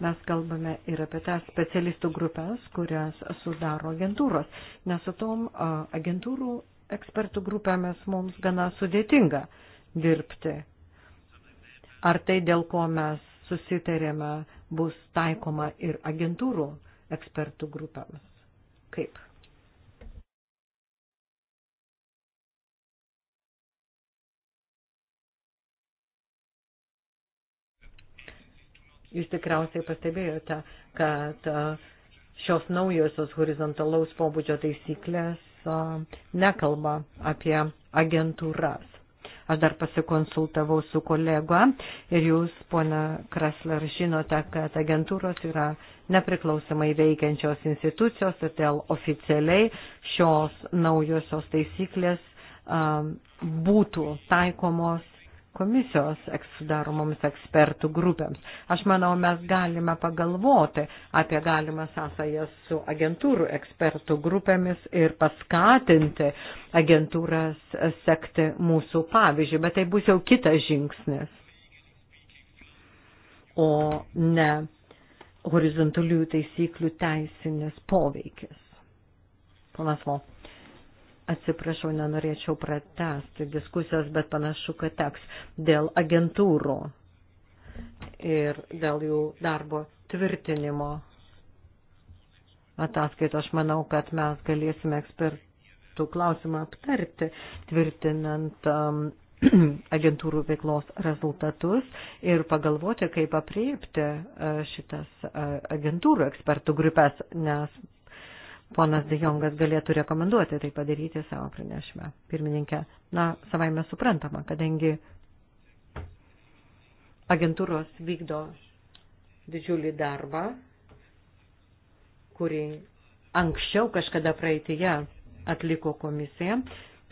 A: mes kalbame ir apie tas specialistų grupės, kurias sudaro agentūros, nes su tom agentūrų ekspertų grupėmis mums gana sudėtinga dirbti. Ar tai dėl ko mes susitarėme bus taikoma ir agentūrų ekspertų grupėms? Kaip? Jūs tikriausiai pastebėjote, kad šios naujosios horizontalaus pobūdžio taisyklės nekalba apie agentūras. Aš dar pasikonsultavau su kolega ir jūs, pona Krasler, žinote, kad agentūros yra nepriklausomai veikiančios institucijos, todėl oficialiai šios naujosios taisyklės būtų taikomos komisijos sudaromoms ekspertų grupėms. Aš manau, mes galime pagalvoti apie galimą sąsają su agentūrų ekspertų grupėmis ir paskatinti agentūras sekti mūsų pavyzdžių, bet tai bus jau kitas žingsnis, o ne horizontalių taisyklių teisinės poveikis. Ponas Vol. Atsiprašau, nenorėčiau pratesti diskusijos, bet panašu, kad teks dėl agentūrų ir dėl jų darbo tvirtinimo ataskaito. Aš manau, kad mes galėsime ekspertų klausimą aptarti, tvirtinant um, agentūrų veiklos rezultatus ir pagalvoti, kaip apriepti uh, šitas uh, agentūrų ekspertų grupės, nes ponas Dejongas galėtų rekomenduoti tai padaryti savo pranešime. Pirmininkė, na, savaime suprantama, kadangi agentūros vykdo didžiulį darbą, kurį anksčiau kažkada praeitėje atliko komisija,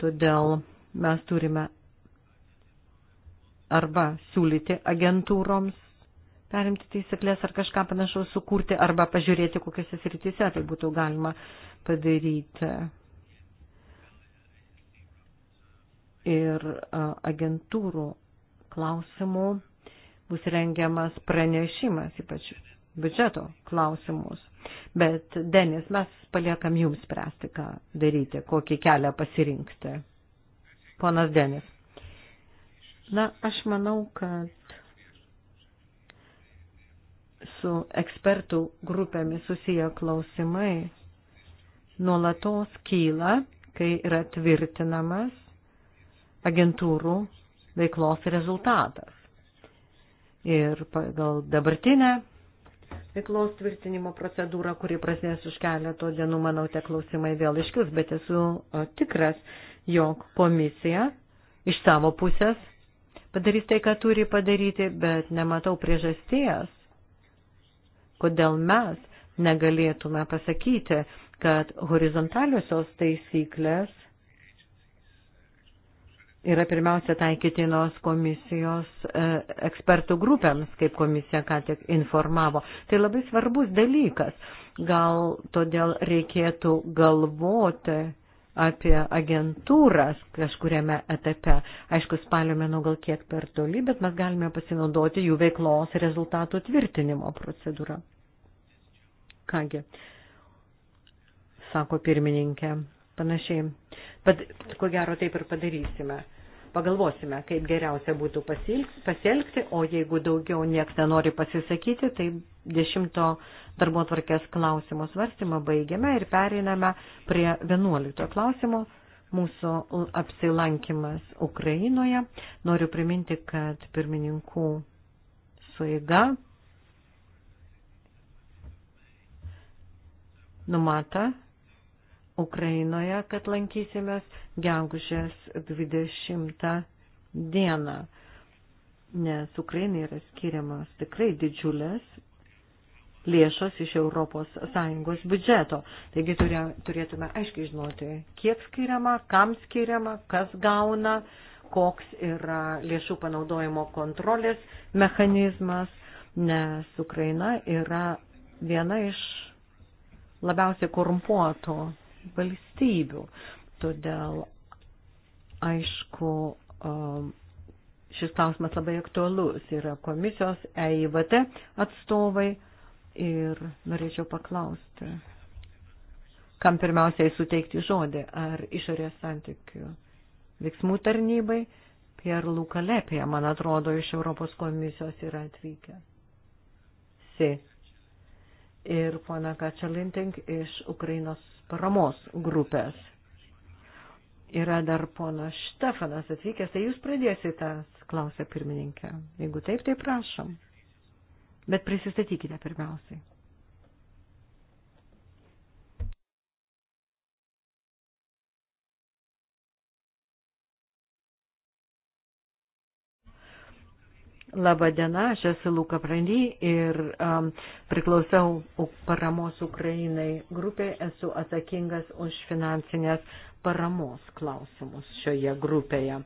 A: todėl mes turime arba siūlyti agentūroms perimti taisyklės ar kažką panašaus sukurti arba pažiūrėti, kokiuose srityse tai būtų galima padaryti. Ir agentūrų klausimų bus rengiamas pranešimas, ypač biudžeto klausimus. Bet, Denis, mes paliekam jums spręsti, ką daryti, kokį kelią pasirinkti. Ponas Denis. Na, aš manau, kad su ekspertų grupėmis susiję klausimai nuolatos kyla, kai yra tvirtinamas agentūrų veiklos rezultatas. Ir pagal dabartinę veiklos tvirtinimo procedūrą, kuri prasidės už keletą dienų, manau, tie klausimai vėl iškils, bet esu tikras, jog komisija iš savo pusės padarys tai, ką turi padaryti, bet nematau priežasties kodėl mes negalėtume pasakyti, kad horizontaliosios taisyklės yra pirmiausia taikytinos komisijos e, ekspertų grupėms, kaip komisija ką tik informavo. Tai labai svarbus dalykas. Gal todėl reikėtų galvoti apie agentūras kažkuriame etape. Aišku, spalio mėnų gal kiek per toli, bet mes galime pasinaudoti jų veiklos rezultatų tvirtinimo procedūrą. Kągi, sako pirmininkė, panašiai. Bet ko gero taip ir padarysime. Pagalvosime, kaip geriausia būtų pasielgti, o jeigu daugiau nieks nenori pasisakyti, tai dešimto darbo tvarkės klausimo svarstymą baigiame ir pereiname prie vienuolikto klausimo mūsų apsilankimas Ukrainoje. Noriu priminti, kad pirmininkų suiga numatę Ukrainoje, kad lankysimės gegužės 20 dieną, nes Ukrainai yra skiriamas tikrai didžiulės lėšos iš ES biudžeto. Taigi turėtume aiškiai žinoti, kiek skiriama, kam skiriama, kas gauna, koks yra lėšų panaudojimo kontrolės mechanizmas, nes Ukraina yra viena iš labiausiai korumpuotų valstybių. Todėl, aišku, um, šis klausimas labai aktualus. Yra komisijos EIVT atstovai ir norėčiau paklausti, kam pirmiausiai suteikti žodį, ar išorės santykių veiksmų tarnybai, Pierre Lukalepė, man atrodo, iš Europos komisijos yra atvykę. Si ir pona Kačalintink iš Ukrainos paramos grupės. Yra dar pono Štefanas atvykęs, tai jūs pradėsite, klausė pirmininkė. Jeigu taip, tai prašom. Bet prisistatykite pirmiausiai. Labą dieną, aš esu Luka Prandy ir um, priklausau paramos Ukrainai grupė, esu atsakingas už finansinės paramos klausimus šioje grupėje.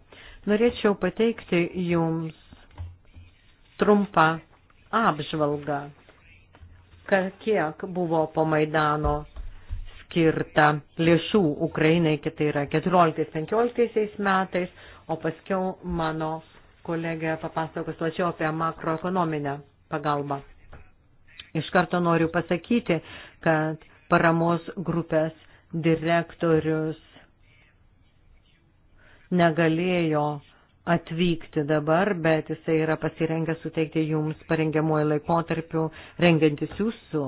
A: Norėčiau pateikti jums trumpą apžvalgą, kiek buvo po Maidano skirta lėšų Ukrainai, kitai yra 14-15 metais, o paskiau mano kolegė papasakos plačiau apie makroekonominę pagalbą. Iš karto noriu pasakyti, kad paramos grupės direktorius negalėjo atvykti dabar, bet jisai yra pasirengęs suteikti jums parengiamuoju laikotarpiu, rengiantis jūsų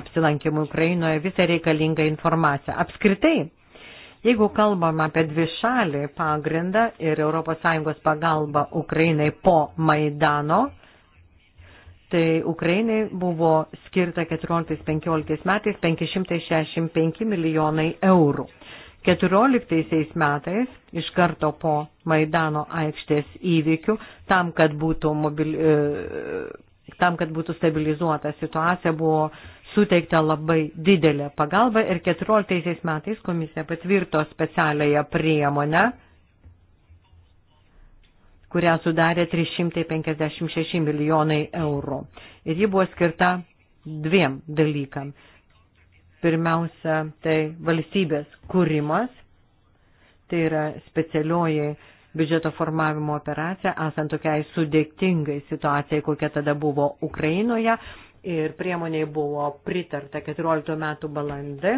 A: apsilankimui Ukrainoje, visą reikalingą informaciją. Apskritai, Jeigu kalbam apie dvišalį pagrindą ir ES pagalbą Ukrainai po Maidano, tai Ukrainai buvo skirta 14-15 metais 565 milijonai eurų. 14 metais iš karto po Maidano aikštės įvykių, tam, kad būtų, mobili, e, tam, kad būtų stabilizuota situacija, buvo suteikta labai didelė pagalba ir 14 metais komisija patvirto specialiąją priemonę, kurią sudarė 356 milijonai eurų. Ir ji buvo skirta dviem dalykam. Pirmiausia, tai valstybės kūrimas, tai yra specialioji biudžeto formavimo operacija, esant tokiai sudėktingai situacijai, kokia tada buvo Ukrainoje, ir priemoniai buvo pritarta 14 metų balandį,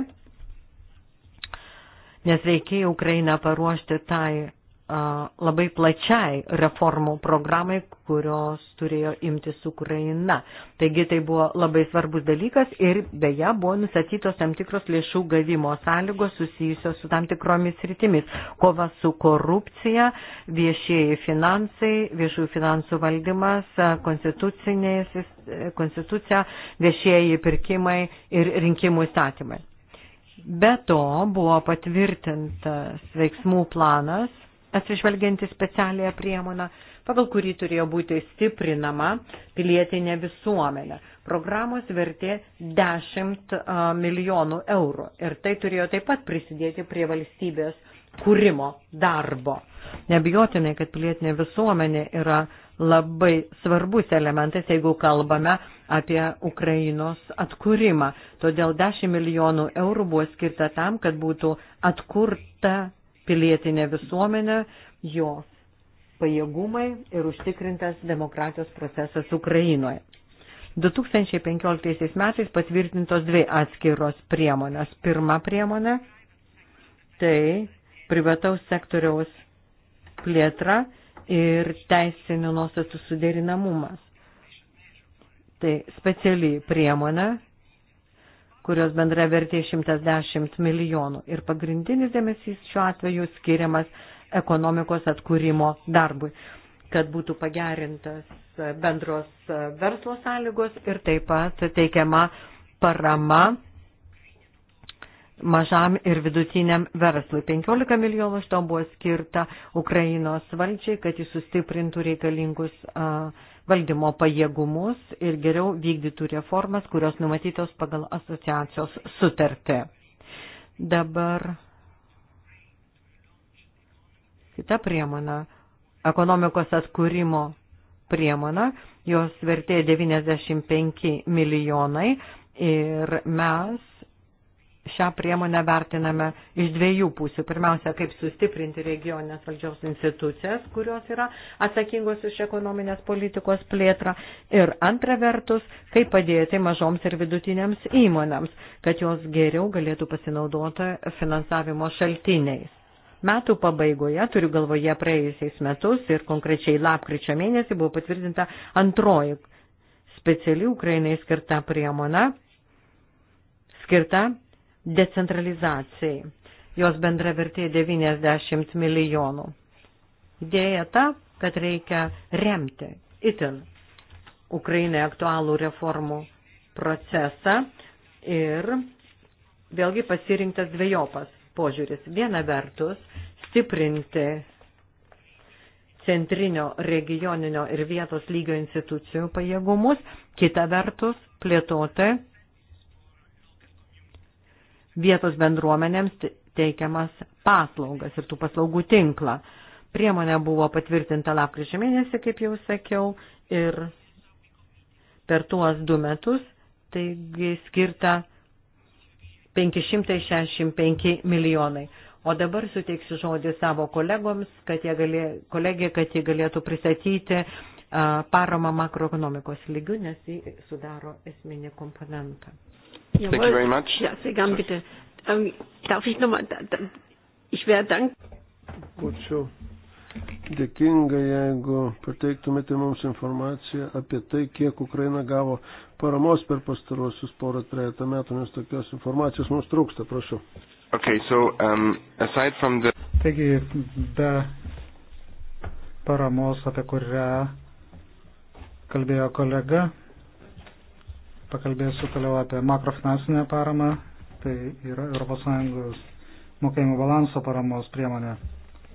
A: nes reikėjo Ukrainą paruošti tai labai plačiai reformų programai, kurios turėjo imtis Ukraina. Taigi tai buvo labai svarbus dalykas ir beje buvo nusatytos tam tikros lėšų gavimo sąlygos susijusios su tam tikromis rytimis. Kova su korupcija, viešieji finansai, viešųjų finansų valdymas, konstitucija, viešieji pirkimai ir rinkimų įstatymai. Be to buvo patvirtintas veiksmų planas atsižvelgianti specialią priemoną, pagal kurį turėjo būti stiprinama pilietinė visuomenė. Programos vertė 10 milijonų eurų ir tai turėjo taip pat prisidėti prie valstybės kūrimo darbo. Nebijotinai, kad pilietinė visuomenė yra labai svarbus elementas, jeigu kalbame apie Ukrainos atkūrimą. Todėl 10 milijonų eurų buvo skirta tam, kad būtų atkurta pilietinė visuomenė, jos pajėgumai ir užtikrintas demokratijos procesas Ukrainoje. 2015 metais patvirtintos dvi atskiros priemonės. Pirma priemonė – tai privataus sektoriaus plėtra ir teisinių nuostatų suderinamumas. Tai speciali priemonė kurios bendra vertė 110 milijonų. Ir pagrindinis dėmesys šiuo atveju skiriamas ekonomikos atkūrimo darbui, kad būtų pagerintas bendros verslo sąlygos ir taip pat teikiama parama mažam ir vidutiniam verslui. 15 milijonų iš to buvo skirta Ukrainos valdžiai, kad jis sustiprintų reikalingus uh, valdymo pajėgumus ir geriau vykdytų reformas, kurios numatytos pagal asociacijos sutartį. Dabar kita priemona - ekonomikos atkūrimo priemona, jos vertė 95 milijonai ir mes šią priemonę vertiname iš dviejų pusių. Pirmiausia, kaip sustiprinti regioninės valdžios institucijas, kurios yra atsakingos už ekonominės politikos plėtrą. Ir antra vertus, kaip padėti mažoms ir vidutinėms įmonėms, kad jos geriau galėtų pasinaudoti finansavimo šaltiniais. Metų pabaigoje, turiu galvoje praėjusiais metus ir konkrečiai lapkričio mėnesį buvo patvirtinta antroji speciali Ukrainai skirta priemona skirta decentralizacijai. Jos bendra vertė 90 milijonų. Idėja ta, kad reikia remti itin Ukrainai aktualų reformų procesą ir vėlgi pasirinktas dviejopas požiūris. Viena vertus stiprinti centrinio, regioninio ir vietos lygio institucijų pajėgumus, kita vertus plėtoti vietos bendruomenėms teikiamas paslaugas ir tų paslaugų tinklą. Priemonė buvo patvirtinta lapkričio mėnesį, kaip jau sakiau, ir per tuos du metus, taigi skirta 565 milijonai. O dabar suteiksiu žodį savo kolegoms, kad jie, galė, kolegė, kad jie galėtų pristatyti paramą makroekonomikos lygių, nes jį sudaro esminį komponentą. Thank you very much. Ja, sehr gern bitte. Ähm, darf ich nochmal, da, da, ich wäre dankbar.
B: Būčiau dėkinga, jeigu pateiktumėte mums informaciją apie tai, kiek Ukraina gavo paramos per pastaruosius porą trejata metų, nes tokios informacijos mums trūksta, prašau. Okay, so,
C: um, aside from the...
B: Taigi, be paramos,
C: apie kurią kalbėjo kolega, Pakalbėsiu toliau apie makrofinansinę paramą, tai yra ES mokėjimų balanso paramos priemonė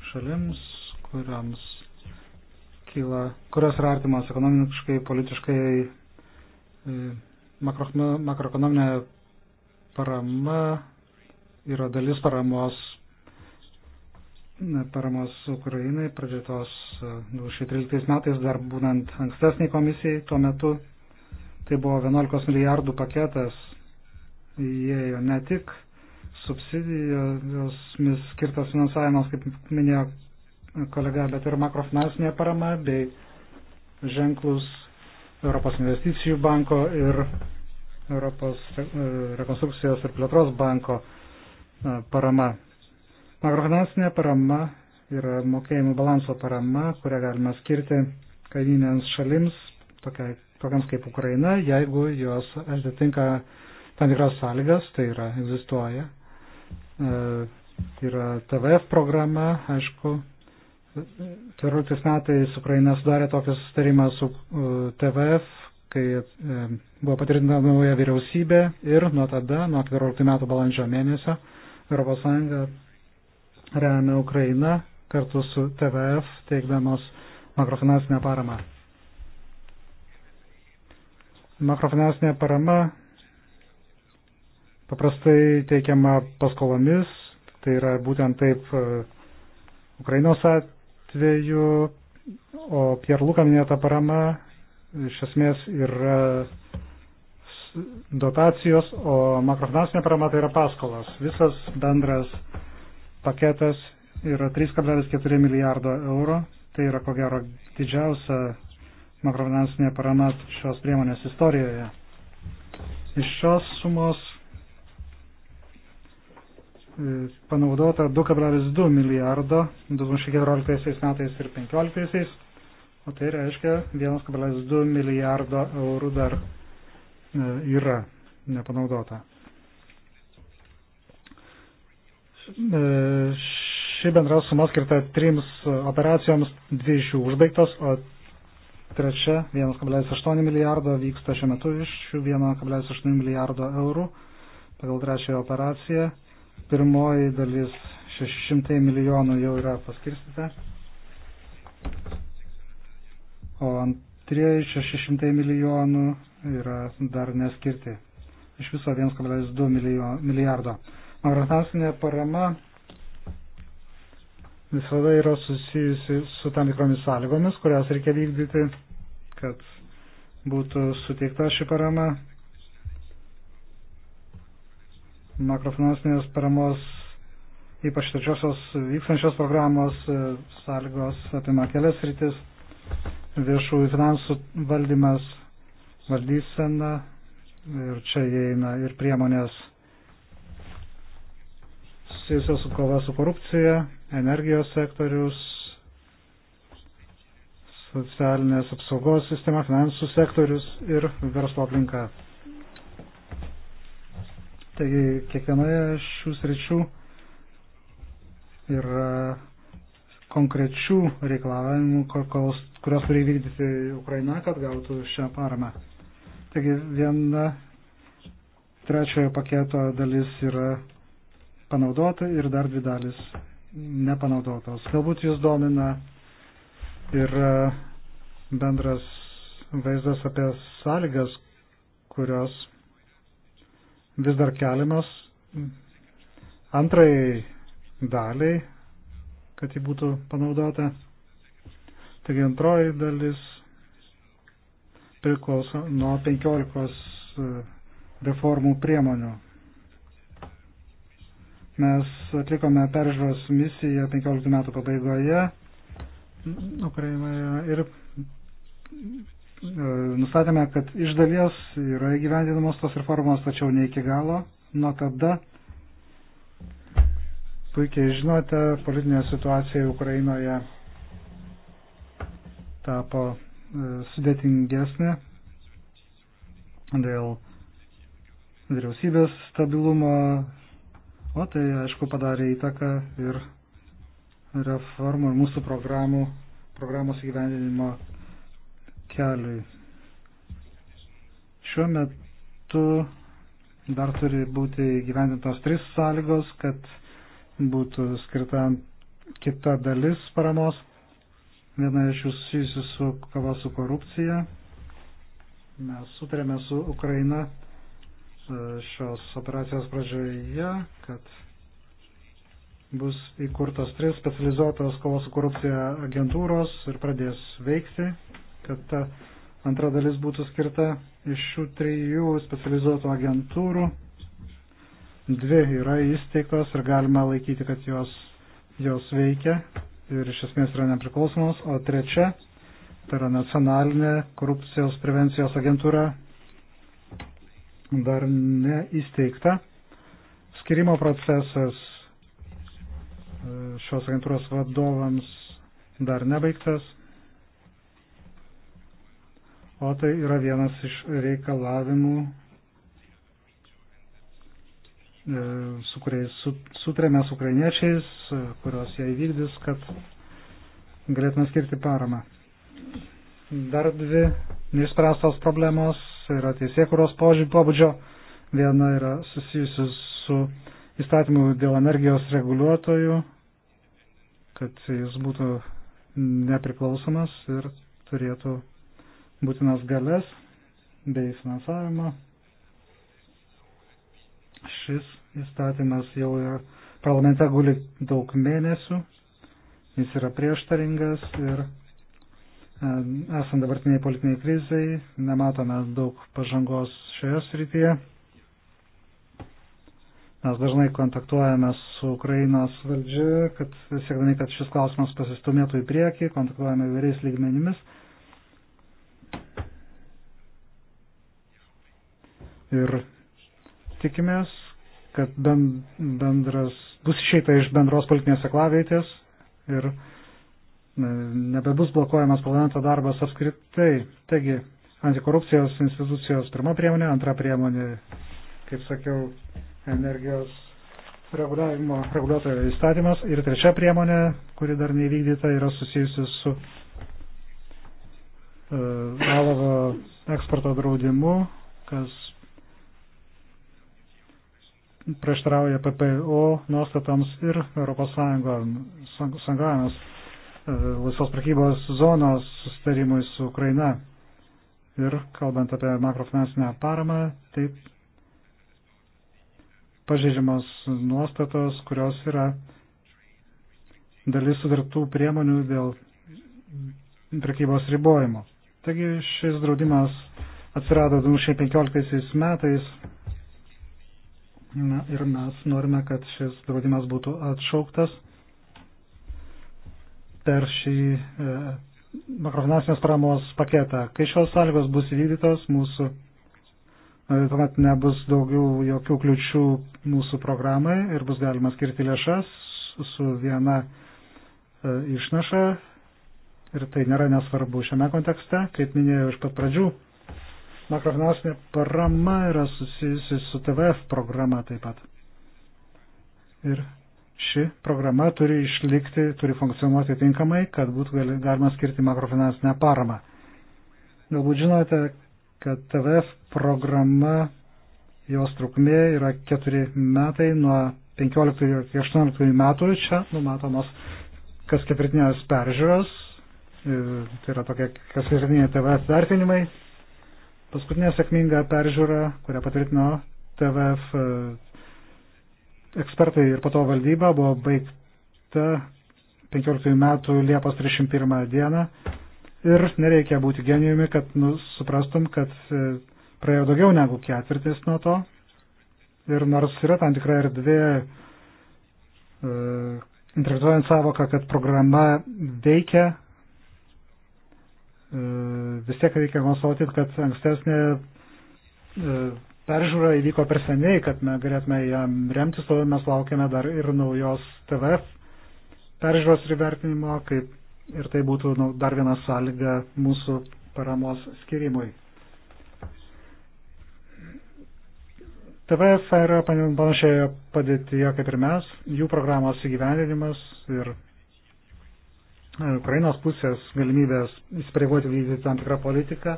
C: šalims, kuriams kyla, kurios yra artimos ekonomiškai, politiškai, e, makro, makroekonominė parama yra dalis paramos, paramos Ukrainai, pradėtos 2013 e, metais, dar būnant ankstesniai komisijai, tuo metu Tai buvo 11 milijardų paketas, įėjo ne tik subsidijomis skirtas finansavimas, kaip minėjo kolega, bet ir makrofinansinė parama bei ženklus Europos investicijų banko ir Europos e, rekonstrukcijos ir plėtros banko e, parama. Makrofinansinė parama yra mokėjimų balanso parama, kurią galima skirti kaiminėms šalims, tokiai tokiams kaip Ukraina, jeigu jos atitinka tam tikras sąlygas, tai yra egzistuoja. E, yra TVF programa, aišku. 14 metais Ukraina sudarė tokį sustarimą su e, TVF, kai e, buvo patvirtinta nauja vyriausybė ir nuo tada, nuo 14 metų balandžio mėnesio, ES remia Ukrainą kartu su TVF teikdamos makrofinansinę paramą. Makrofinansinė parama paprastai teikiama paskolomis, tai yra būtent taip e, Ukrainos atveju, o Pierluka minėta parama iš esmės yra dotacijos, o makrofinansinė parama tai yra paskolos. Visas bendras paketas yra 3,4 milijardo eurų, tai yra ko gero didžiausia makrofinansinė parama šios priemonės istorijoje. Iš šios sumos e, panaudota 2,2 milijardo 2014 metais ir 2015, o tai reiškia 1,2 milijardo eurų dar e, yra nepanaudota. E, ši bendra suma skirta trims operacijoms, dvi iš jų užbaigtos, o Trečia, 1,8 milijardo vyksta šiuo metu iš šių 1,8 milijardo eurų pagal trečiąją operaciją. Pirmoji dalis 600 milijonų jau yra paskirstyta, o antrieji 600 milijonų yra dar neskirti. Iš viso 1,2 milijardo. Magratansinė parama visada yra susijusi su tam tikromis sąlygomis, kurias reikia vykdyti, kad būtų suteikta ši parama. Makrofinansinės paramos, ypač trečiosios vykstančios programos e, sąlygos apima kelias rytis, viešųjų finansų valdymas, valdysena ir čia įeina ir priemonės susijusios su kova su korupcija, energijos sektorius, socialinės apsaugos sistema, finansų sektorius ir verslo aplinka. Taigi kiekvienoje šių sričių yra konkrečių reikalavimų, kurios turi vykdyti Ukraina, kad gautų šią paramą. Taigi viena trečiojo paketo dalis yra panaudota ir dar dvi dalis nepanaudotos. Galbūt jūs domina ir e, bendras vaizdas apie sąlygas, kurios vis dar keliamos antrai daliai, kad ji būtų panaudota. Taigi antroji dalis priklauso nuo 15 e, reformų priemonių Mes atlikome peržiūros misiją 15 metų pabaigoje Ukrainoje ir e, nustatėme, kad iš dalies yra įgyvendinamos tos reformos, tačiau ne iki galo. Nuo tada, puikiai žinote, politinė situacija Ukrainoje tapo e, sudėtingesnė dėl vyriausybės stabilumo, O tai, aišku, padarė įtaką ir reformų ir mūsų programų, programos įgyvendinimo keliui. Šiuo metu dar turi būti įgyvendintos tris sąlygos, kad būtų skirta kita dalis paramos. Viena iš jų susijusi su kova su korupcija. Mes sutarėme su Ukraina šios operacijos pradžioje, kad bus įkurtos tris specializuotos kovos su korupcija agentūros ir pradės veikti, kad ta antra dalis būtų skirta iš šių trijų specializuotų agentūrų. Dvi yra įsteigtos ir galima laikyti, kad jos, jos veikia ir iš esmės yra nepriklausomos, o trečia, tai yra nacionalinė korupcijos prevencijos agentūra, dar neįsteigta. Skirimo procesas e, šios agentūros vadovams dar nebaigtas. O tai yra vienas iš reikalavimų, e, su kuriais sutrėmė su ukrainiečiais, e, kurios jie įvykdys, kad galėtume skirti paramą. Dar dvi neišspręstos problemos Tai yra teisėkuros pobūdžio, viena yra susijusi su įstatymu dėl energijos reguliuotojų, kad jis būtų nepriklausomas ir turėtų būtinas galės bei finansavimą. Šis įstatymas jau yra parlamente guli daug mėnesių, jis yra prieštaringas ir esant dabartiniai politiniai krizai, nematome daug pažangos šioje srityje. Mes dažnai kontaktuojame su Ukrainos valdžia, kad siekdami, kad šis klausimas pasistumėtų į priekį, kontaktuojame įvairiais lygmenimis. Ir tikimės, kad bendras, bus išeita iš bendros politinės aklaveitės ir uh, nebebus blokuojamas parlamento darbas apskritai. Taigi, antikorupcijos institucijos pirma priemonė, antra priemonė, kaip sakiau, energijos reguliavimo reguliuotojo įstatymas ir trečia priemonė, kuri dar neįvykdyta, yra susijusi su uh, e, alavo eksporto draudimu, kas prieštarauja PPO nuostatoms ir ES sankcijoms laisvos prekybos zonos sustarimui su Ukraina. Ir kalbant apie makrofinansinę paramą, taip pažeidžiamos nuostatos, kurios yra dalis sudartų priemonių dėl prekybos ribojimo. Taigi šis draudimas atsirado 2015 metais Na, ir mes norime, kad šis draudimas būtų atšauktas per šį e, makrofinansinės paramos paketą. Kai šios sąlygos bus įvykdytos, mūsų e, tuomet nebus daugiau jokių kliučių mūsų programai ir bus galima skirti lėšas su viena e, išnaša. Ir tai nėra nesvarbu šiame kontekste, kaip minėjau iš pat pradžių. Makrofinansinė parama yra susijusi su TVF programa taip pat. Ir ši programa turi išlikti, turi funkcionuoti tinkamai, kad būtų galima skirti makrofinansinę paramą. Galbūt žinote, kad TVF programa, jos trukmė yra 4 metai nuo 15 iki 18 metų. Čia numatomos kas ketvirtinės peržiūros, e, tai yra tokie kas ketvirtiniai TVF vertinimai. Paskutinė sėkminga peržiūra, kurią patvirtino TVF e, ekspertai ir po to valdyba buvo baigta 15 metų Liepos 31 dieną ir nereikia būti genijumi, kad nu, suprastum, kad e, praėjo daugiau negu ketvirtis nuo to ir nors yra tam tikra erdvė e, interpretuojant savoką, kad programa veikia, e, vis tiek reikia konstatuoti, kad ankstesnė peržiūra įvyko per seniai, kad mes galėtume jam remtis, todėl mes laukiame dar ir naujos TVF peržiūros ir vertinimo, kaip ir tai būtų nu, dar viena sąlyga mūsų paramos skirimui. TVF yra panašioje padėtyje kaip ir mes, jų programos įgyvendinimas ir e, Ukrainos pusės galimybės įsipareigoti vykdyti tam tikrą politiką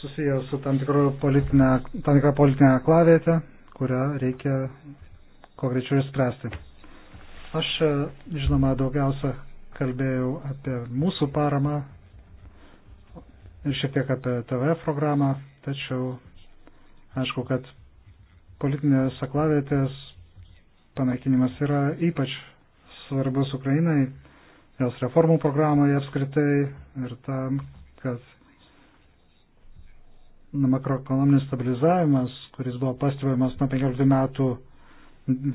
C: susijęs su tam, politinė, tam tikra politinė aklavietė, kurią reikia kuo greičiau išspręsti. Aš, e, žinoma, daugiausia kalbėjau apie mūsų paramą ir šiek tiek apie TV programą, tačiau aišku, kad politinės aklavietės panaikinimas yra ypač svarbus Ukrainai, jos reformų programai apskritai ir tam, kad makroekonominis stabilizavimas, kuris buvo pastebimas nuo 15 metų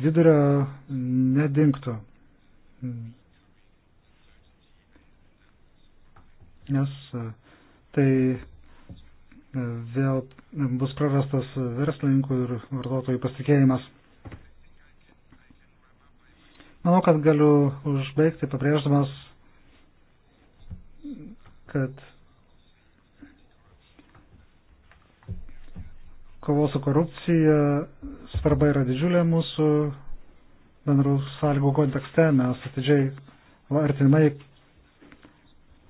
C: vidurio, nedingtų. Nes e, tai e, vėl bus prarastas verslininkų ir vartotojų pasitikėjimas. Manau, kad galiu užbaigti pabrėždamas, kad kovos su korupcija svarba yra didžiulė mūsų bendrų sąlygų kontekste. Mes atidžiai artimai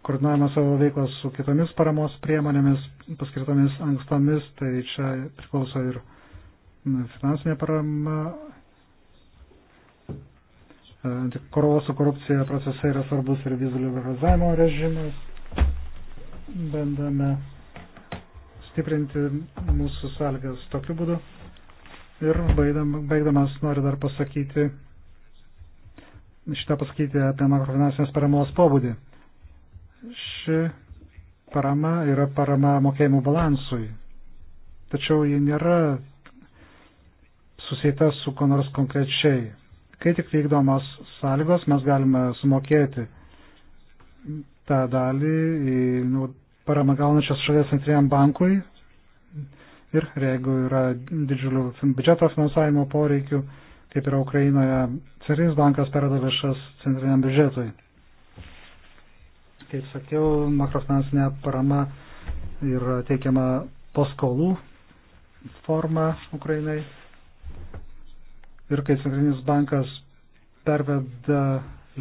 C: koordinavome savo veiklą su kitomis paramos priemonėmis, paskirtomis ankstomis, tai čia priklauso ir finansinė parama. E, kovos su korupcija procesai yra svarbus ir vizų liberalizavimo režimas. Bandame stiprinti mūsų sąlygas tokiu būdu. Ir baigdamas noriu dar pasakyti, šitą pasakyti apie makrofinansinės paramos pobūdį. Ši parama yra parama mokėjimų balansui, tačiau ji nėra susijęta su ko nors konkrečiai. Kai tik vykdomos sąlygos, mes galime sumokėti tą dalį į nu, paramą gaunančias šalies centriniam bankui ir jeigu yra didžiulių biudžeto finansavimo poreikių, kaip yra Ukrainoje, centrinis bankas perada lėšas centriniam biudžetui. Kaip sakiau, makrofinansinė parama yra teikiama paskolų forma Ukrainai ir kai centrinis bankas perveda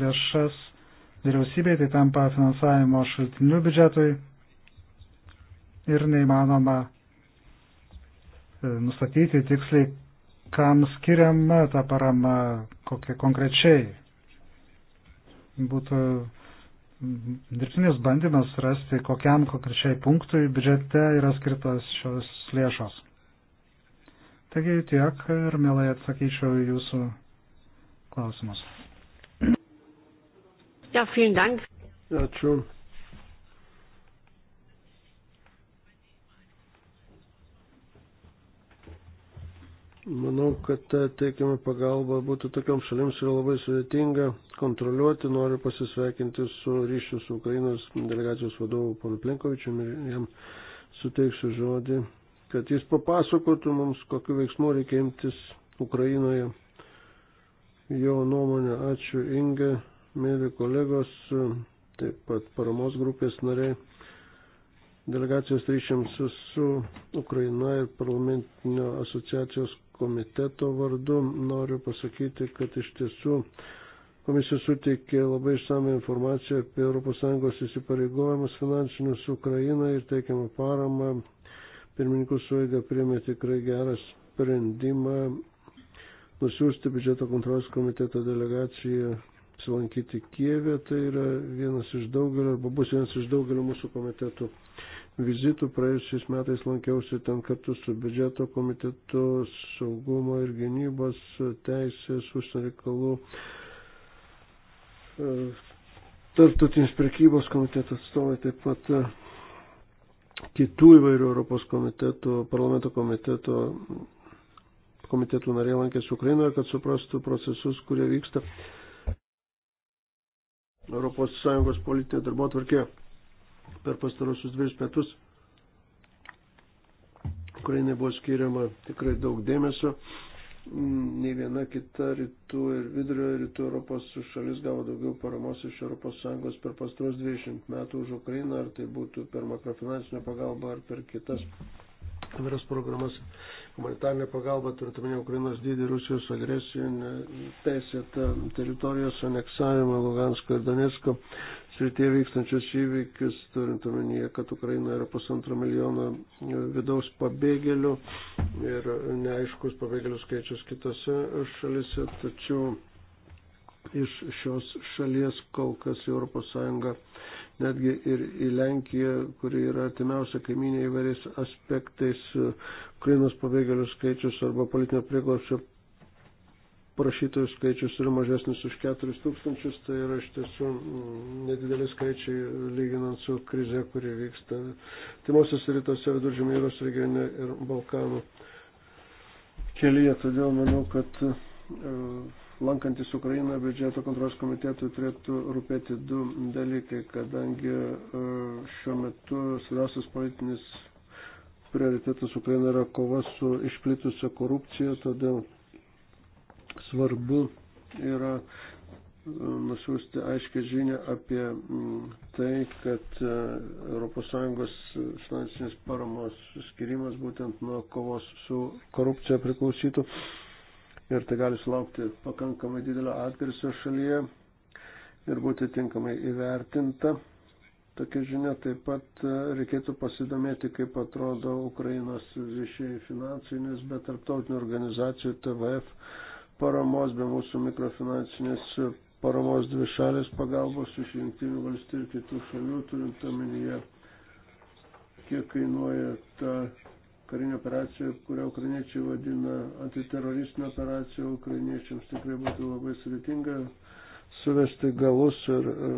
C: lėšas vyriausybei, tai tampa finansavimo šaltiniu biudžetui ir neįmanoma e, nustatyti tiksliai, kam skiriama ta parama, kokie konkrečiai. Būtų dirbtinis bandymas rasti, kokiam konkrečiai punktui biudžete yra skirtos šios lėšos. Taigi tiek ir mielai atsakyčiau jūsų klausimus.
A: Ja, vielen Dank. Ačiū.
B: Manau, kad teikiama pagalba būtų tokioms šalims yra labai sudėtinga kontroliuoti. Noriu pasisveikinti su ryšiu su Ukrainos delegacijos vadovu ponu Plenkovičiu ir jam suteiksiu žodį, kad jis papasakotų mums, kokiu veiksmu reikia imtis Ukrainoje. Jo nuomonė, ačiū Inge, mėly kolegos, taip pat paramos grupės nariai delegacijos ryšiams su Ukraina ir parlamentinio asociacijos komiteto vardu noriu pasakyti, kad iš tiesų komisija suteikė labai išsame informaciją apie ES įsipareigojimus finansinius Ukrainą ir teikiamą paramą. Pirmininkų suėga priėmė tikrai gerą sprendimą nusiųsti biudžeto kontrolės komiteto delegaciją apsilankyti Kievė, tai yra vienas iš daugelio, arba bus vienas iš daugelio mūsų komitetų vizitų praėjusiais metais lankiausi ten kartu su biudžeto komitetu, saugumo ir gynybos teisės, užsienio reikalų, e, tarptautinis prekybos komiteto atstovai taip pat e, kitų įvairių Europos komitetų, parlamento komiteto, komitetų nariai lankėsi Ukrainoje, kad suprastų procesus, kurie vyksta Europos Sąjungos politinė darbo tvarkė per pastarosius dviejus metus Ukrainai buvo skiriama tikrai daug dėmesio. Nei viena kita rytų ir vidurio rytų Europos šalis gavo daugiau paramos iš ES per pastaros 20 metų už Ukrainą, ar tai būtų per makrofinansinę pagalbą, ar per kitas įvairias programas. Humanitarinė pagalba, turintuminė Ukrainos dydį, Rusijos agresiją, teisėtą teritorijos aneksavimą Lugansko ir Donetsko srityje vykstančius įvykius, turint omenyje, kad Ukraina yra pusantro milijono vidaus pabėgėlių ir neaiškus pabėgėlių skaičius kitose šalise, tačiau iš šios šalies kol kas ES netgi ir į Lenkiją, kuri yra artimiausia kaiminė įvairiais aspektais, Ukrainos pabėgėlių skaičius arba politinio prieglopščio prašytojų skaičius yra mažesnis už 4 tūkstančius, tai yra iš tiesų mm, nedideli skaičiai lyginant su krize, kuri vyksta Timosios rytuose, Viduržymėros regione ir Balkanų kelyje. Todėl manau, kad e, lankantis Ukrainą biudžeto kontrolės komitetui turėtų rūpėti du dalykai, kadangi e, šiuo metu svarbiausias politinis prioritetas Ukraina yra kova su išplitusią korupciją, todėl svarbu yra e, nusiųsti aiškę žinę apie tai, kad ES finansinės paramos skirimas būtent nuo kovos su korupcija priklausytų ir tai gali sulaukti pakankamai didelio atgarsio šalyje ir būti tinkamai įvertinta. Tokia žinia taip pat e, reikėtų pasidomėti, kaip atrodo Ukrainos viešieji finansai, nes be tarptautinių organizacijų TVF paramos, be mūsų mikrofinansinės paramos dvi šalės pagalbos iš jungtinių valstybių ir kitų šalių, turint omenyje, kiek kainuoja ta karinė operacija, kurią ukrainiečiai vadina antiteroristinė operacija, ukrainiečiams tikrai būtų labai sudėtinga suvesti galus ir, ir e,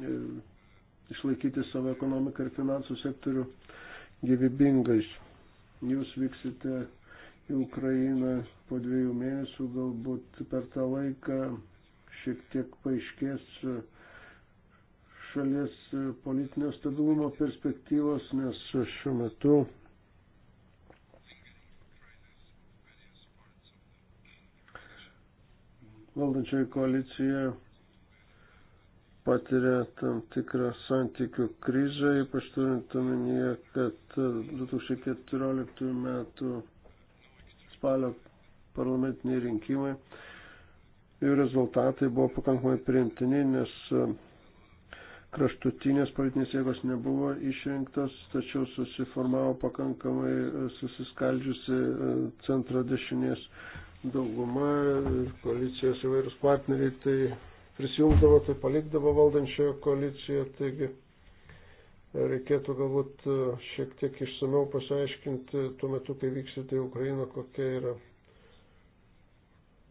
B: e, išlaikyti savo ekonomiką ir finansų sektorių gyvybingais. Jūs vyksite į Ukrainą po dviejų mėnesių, galbūt per tą laiką šiek tiek paaiškės šalies politinio stabilumo perspektyvos, nes šiuo metu valdančioji koalicija patiria tam tikrą santykių krizę, ypač turint omenyje, kad 2014 metų spalio parlamentiniai rinkimai. Ir rezultatai buvo pakankamai priimtini, nes e, kraštutinės politinės jėgos nebuvo išrinktos, tačiau susiformavo pakankamai e, susiskaldžiusi e, centro dešinės dauguma ir koalicijos įvairūs partneriai tai prisijungdavo, tai palikdavo valdančiojo koaliciją. Taigi reikėtų galbūt e, šiek tiek išsameu pasiaiškinti tuo metu, kai vyksite tai į Ukrainą, kokia yra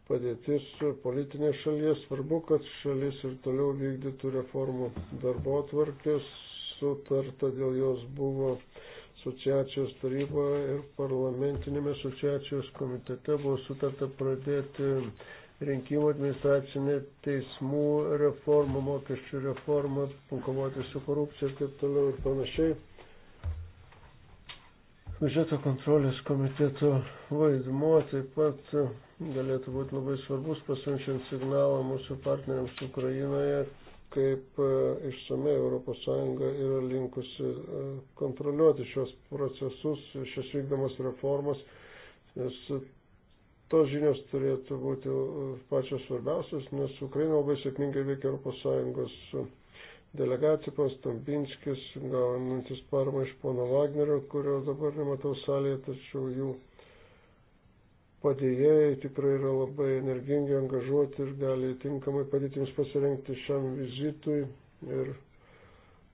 B: padėtis politinė šalies. Svarbu, kad šalis ir toliau vykdytų reformų darbo atvarkės, sutarta dėl jos buvo asociacijos taryboje ir parlamentinėme asociacijos komitete buvo sutarta pradėti rinkimų administracinė teismų reforma, mokesčių reforma, kovoti su korupcija ir taip toliau ir panašiai. Biudžeto kontrolės komiteto vaidmuo taip pat galėtų būti labai svarbus pasiunčiant signalą mūsų partneriams Ukrainoje, kaip e, išsamei ES yra linkusi e, kontroliuoti šios procesus, šias vykdomas reformas, nes tos žinios turėtų būti uh, pačios svarbiausios, nes Ukraina labai sėkmingai veikia ES uh, delegacija, pas Stambinskis, gaunantis paramą iš pono Wagnerio, kurio dabar nematau salėje, tačiau jų padėjėjai tikrai yra labai energingi, angažuoti ir gali tinkamai padėti jums pasirengti šiam vizitui. Ir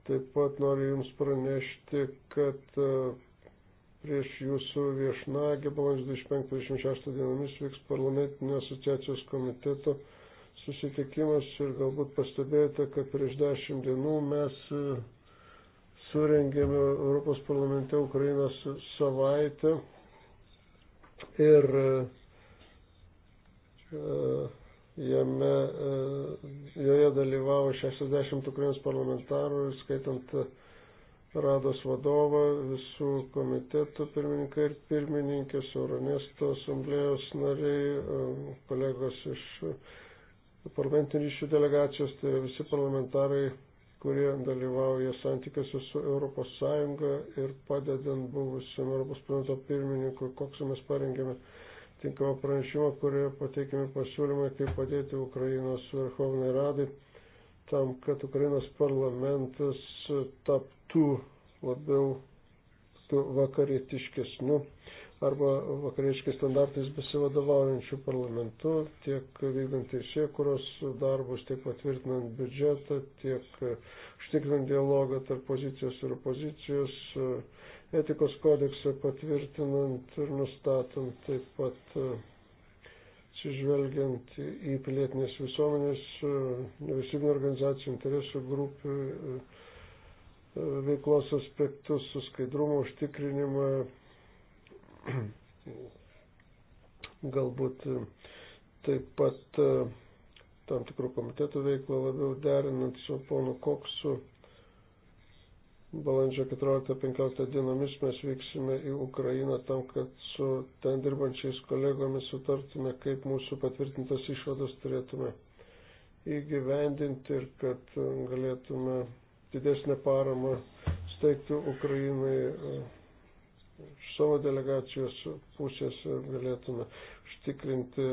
B: taip pat noriu jums pranešti, kad uh, prieš jūsų viešnagę balandžio 25-26 dienomis vyks parlamentinio asociacijos komiteto susitikimas ir galbūt pastebėjote, kad prieš 10 dienų mes e, surengėme Europos parlamente Ukrainos savaitę ir e, e, jame, joje dalyvavo 60 Ukrainos parlamentarų ir skaitant rados vadovą, visų komitetų pirmininkai ir pirmininkės, Euronesto asamblėjos nariai, e, kolegos iš parlamentinių ryšių delegacijos, tai yra visi parlamentarai, kurie dalyvauja santykiuose su ES ir padedant buvusiam Europos parlamento pirmininkui, koks mes parengėme tinkamą pranešimą, kurioje pateikėme pasiūlymą, kaip padėti Ukrainos Verhovnai Radai tam, kad Ukrainos parlamentas taptų tų labiau tų vakarietiškesnių arba vakarietiškais standartais besivadovaujančių parlamentų, tiek vykdant teisė, kurios darbus, tiek patvirtinant biudžetą, tiek užtikrinant dialogą tarp pozicijos ir opozicijos, etikos kodeksą patvirtinant ir nustatant taip pat atsižvelgiant į pilietinės visuomenės, nevisybinio organizacijų interesų grupių veiklos aspektus, su skaidrumo užtikrinimą, galbūt taip pat e, tam tikrų komitetų veiklą labiau derinant su ponu Koksu. Balandžio 14-15 dienomis mes vyksime į Ukrainą tam, kad su ten dirbančiais kolegomis sutartume, kaip mūsų patvirtintas išvadas turėtume įgyvendinti ir kad galėtume didesnę paramą steigti Ukrainai. E, iš savo delegacijos pusės galėtume užtikrinti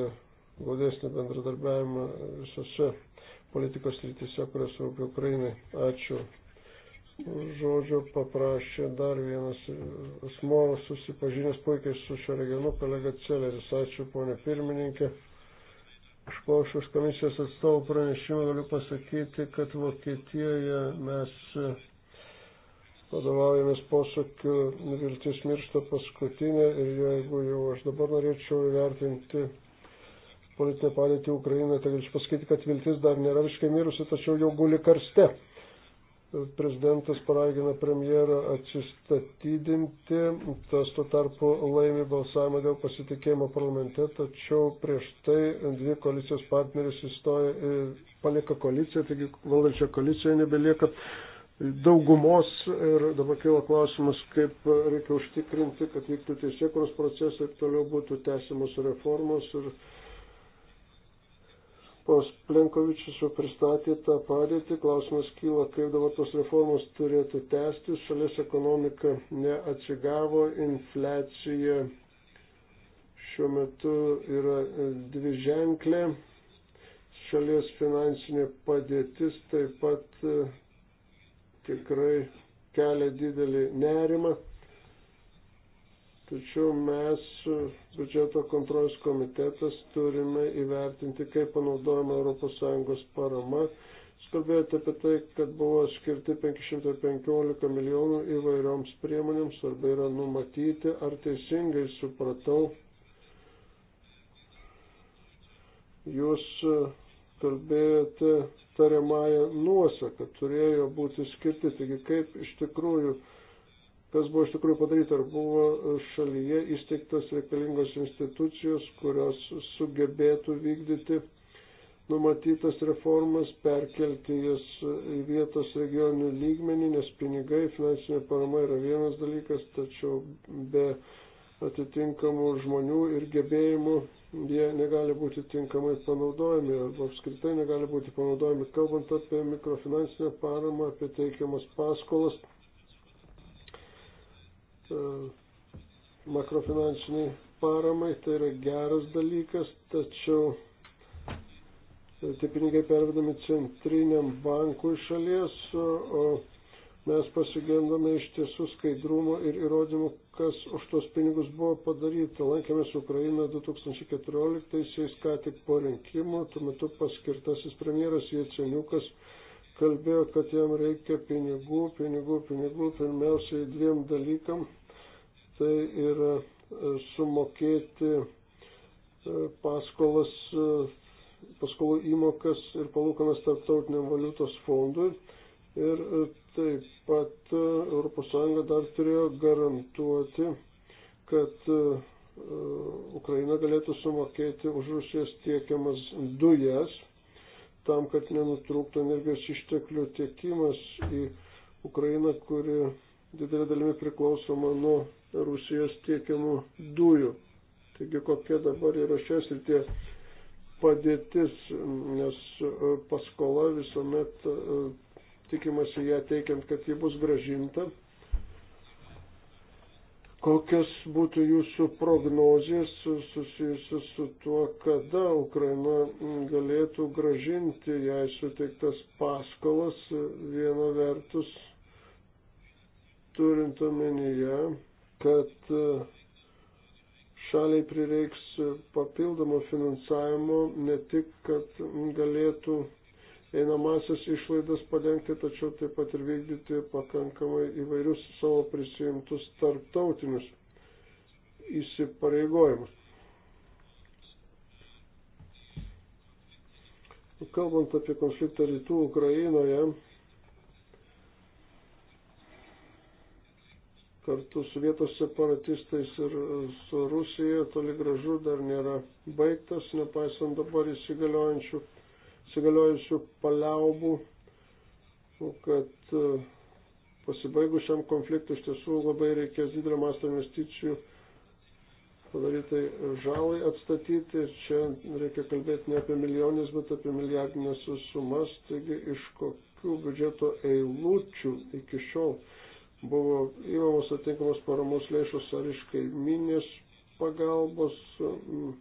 B: glaudesnį bendradarbiavimą visose politikos rytise, kurias rūpi Ukrainai. Ačiū. Žodžio paprašė dar vienas asmo susipažinęs puikiai su šio regionu, kolega Celeris. Ačiū, ponė pirmininkė. Išklausęs už komisijos atstovų pranešimą galiu pasakyti, kad Vokietijoje mes eh, vadovaujamės posūkiu viltis miršta paskutinė ir jeigu jau aš dabar norėčiau įvertinti politinę padėtį Ukrainoje, tai galiu pasakyti, kad viltis dar nėra visiškai mirusi, tačiau jau guli karste prezidentas paragina premjerą atsistatydinti, tas tuo tarpu laimi balsavimą dėl pasitikėjimo parlamente, tačiau prieš tai dvi koalicijos partneris įstoja, palieka koaliciją, taigi valdančio koalicijoje nebelieka daugumos ir dabar kilo klausimas, kaip reikia užtikrinti, kad vyktų teisėkuros procesai ir toliau būtų tęsiamos reformos. Ir Pas Plenkovičius jau pristatė tą padėtį, klausimas kyla, kaip dabar tos reformos turėtų tęsti, šalies ekonomika neatsigavo, infliacija šiuo metu yra dvi ženklė, šalies finansinė padėtis taip pat tikrai kelia didelį nerimą. Tačiau mes, biudžeto kontrolės komitetas, turime įvertinti, kaip panaudojama ES parama. Jūs kalbėjote apie tai, kad buvo skirti 515 milijonų įvairioms priemonėms, arba yra numatyti, ar teisingai supratau. Jūs kalbėjote tariamąją nuosaką, turėjo būti skirti, taigi kaip iš tikrųjų kas buvo iš tikrųjų padaryta, ar buvo šalyje įsteigtos reikalingos institucijos, kurios sugebėtų vykdyti numatytas reformas, perkelti jas į vietos regioninių lygmenį, nes pinigai, finansinė parama yra vienas dalykas, tačiau be atitinkamų žmonių ir gebėjimų jie negali būti tinkamai panaudojami arba apskritai negali būti panaudojami. Kalbant apie mikrofinansinę paramą, apie teikiamas paskolas, E, makrofinansiniai paramai, tai yra geras dalykas, tačiau e, tie pinigai pervedami centriniam bankui šalies, o mes pasigendame iš tiesų skaidrumo ir įrodymų, kas už tos pinigus buvo padaryta. Lankėmės Ukrainą 2014-aisiais, ką tik po rinkimų, tuo metu paskirtasis premjeras Jėceniukas kalbėjo, kad jam reikia pinigų, pinigų, pinigų, pirmiausiai dviem dalykam. Tai yra e, sumokėti e, paskolas, e, paskolų įmokas ir palūkanas tarptautiniam valiutos fondui. Ir taip pat ES dar turėjo garantuoti, kad Ukraina galėtų sumokėti už Rusijos tiekiamas dujas tam, kad nenutrūktų energijos išteklių tiekimas į Ukrainą, kuri didelė dalimi priklausoma nuo Rusijos tiekiamų dujų. Taigi kokia dabar yra šias ir tie padėtis, nes e, paskola visuomet e, tikimasi ją teikiant, kad ji bus gražinta, Kokios būtų jūsų prognozijas susijusios su tuo, kada Ukraina galėtų gražinti jai suteiktas paskolas viena vertus, turint omenyje, kad e, šaliai prireiks papildomo finansavimo ne tik, kad galėtų einamasias išlaidas padengti, tačiau taip pat ir vykdyti pakankamai įvairius savo prisijimtus tarptautinius įsipareigojimus. Kalbant apie konfliktą rytų Ukrainoje, kartu su vietos separatistais ir su Rusija toli gražu dar nėra baigtas, nepaisant dabar įsigaliojančių įsigaliojusių paliaubų, kad e, pasibaigus šiam konfliktui iš tiesų labai reikės didelio masto investicijų padarytai žalai atstatyti. Čia reikia kalbėti ne apie milijonės, bet apie milijardinės sumas. Taigi iš kokių biudžeto eilučių iki šiol buvo įvamos atinkamos paramos lėšos ar iš kaiminės pagalbos. Mm,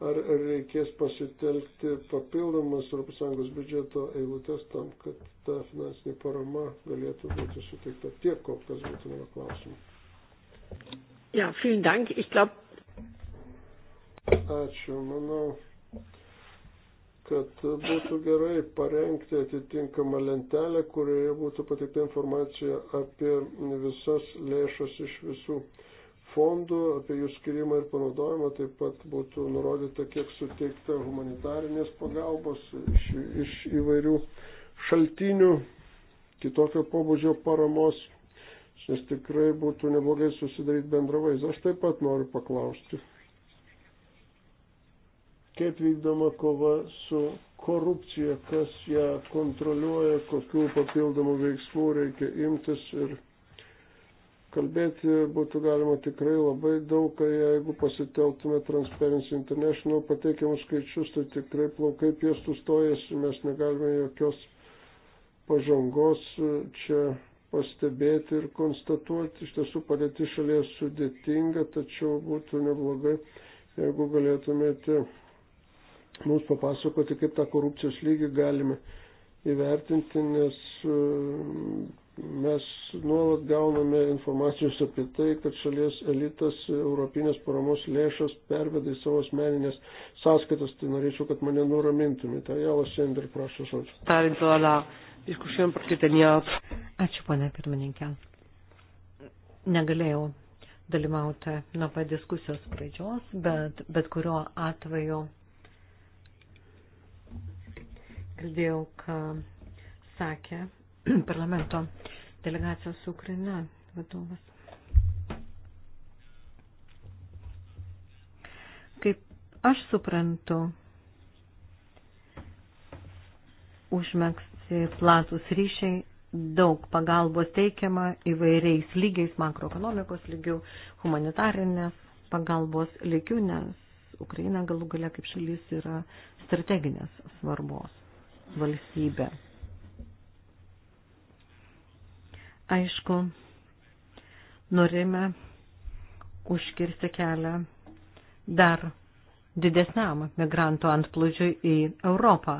B: ar reikės pasitelkti papildomas ES biudžeto eilutės tam, kad ta finansinė parama galėtų būti suteikta tiek, kol kas būtų mano klausimų.
A: Ja, vielen Dank. Ich glaub...
B: Ačiū. Manau, kad būtų gerai parengti atitinkamą lentelę, kurioje būtų pateikta informacija apie visas lėšas iš visų fondų, apie jų skirimą ir panaudojimą, taip pat būtų nurodyta, kiek suteikta humanitarinės pagalbos iš, iš įvairių šaltinių, kitokio pobūdžio paramos, nes tikrai būtų neblogai susidaryti bendrą vaizdą. Aš taip pat noriu paklausti, kaip vykdoma kova su korupcija, kas ją kontroliuoja, kokių papildomų veiksmų reikia imtis ir Kalbėti būtų galima tikrai labai daug, jeigu pasitelktume Transparency International pateikiamus skaičius, tai tikrai plaukai piestų stojasi, mes negalime jokios pažangos čia pastebėti ir konstatuoti. Iš tiesų padėti šalies sudėtinga, tačiau būtų neblogai, jeigu galėtumėte mums papasakoti, kaip tą korupcijos lygį galime įvertinti, nes Mes nuolat gauname informacijos apie tai, kad šalies elitas europinės paramos lėšas perveda į savo asmeninės sąskaitas, tai norėčiau, kad mane nuramintumėte. Ajala Sender,
A: prašau žodžio. Ačiū, pane pirmininkė. Negalėjau dalyvauti nuo pat diskusijos pradžios, bet, bet kurio atveju girdėjau, ką sakė parlamento delegacijos Ukraina vadovas. Kaip aš suprantu, užmėgsti platus ryšiai, daug pagalbos teikiama įvairiais lygiais, makroekonomikos lygių, humanitarinės pagalbos lygių, nes Ukraina galų galia kaip šalis yra strateginės svarbos valstybė. Aišku, norime užkirsti kelią dar didesniam migrantų antplūdžiui į Europą.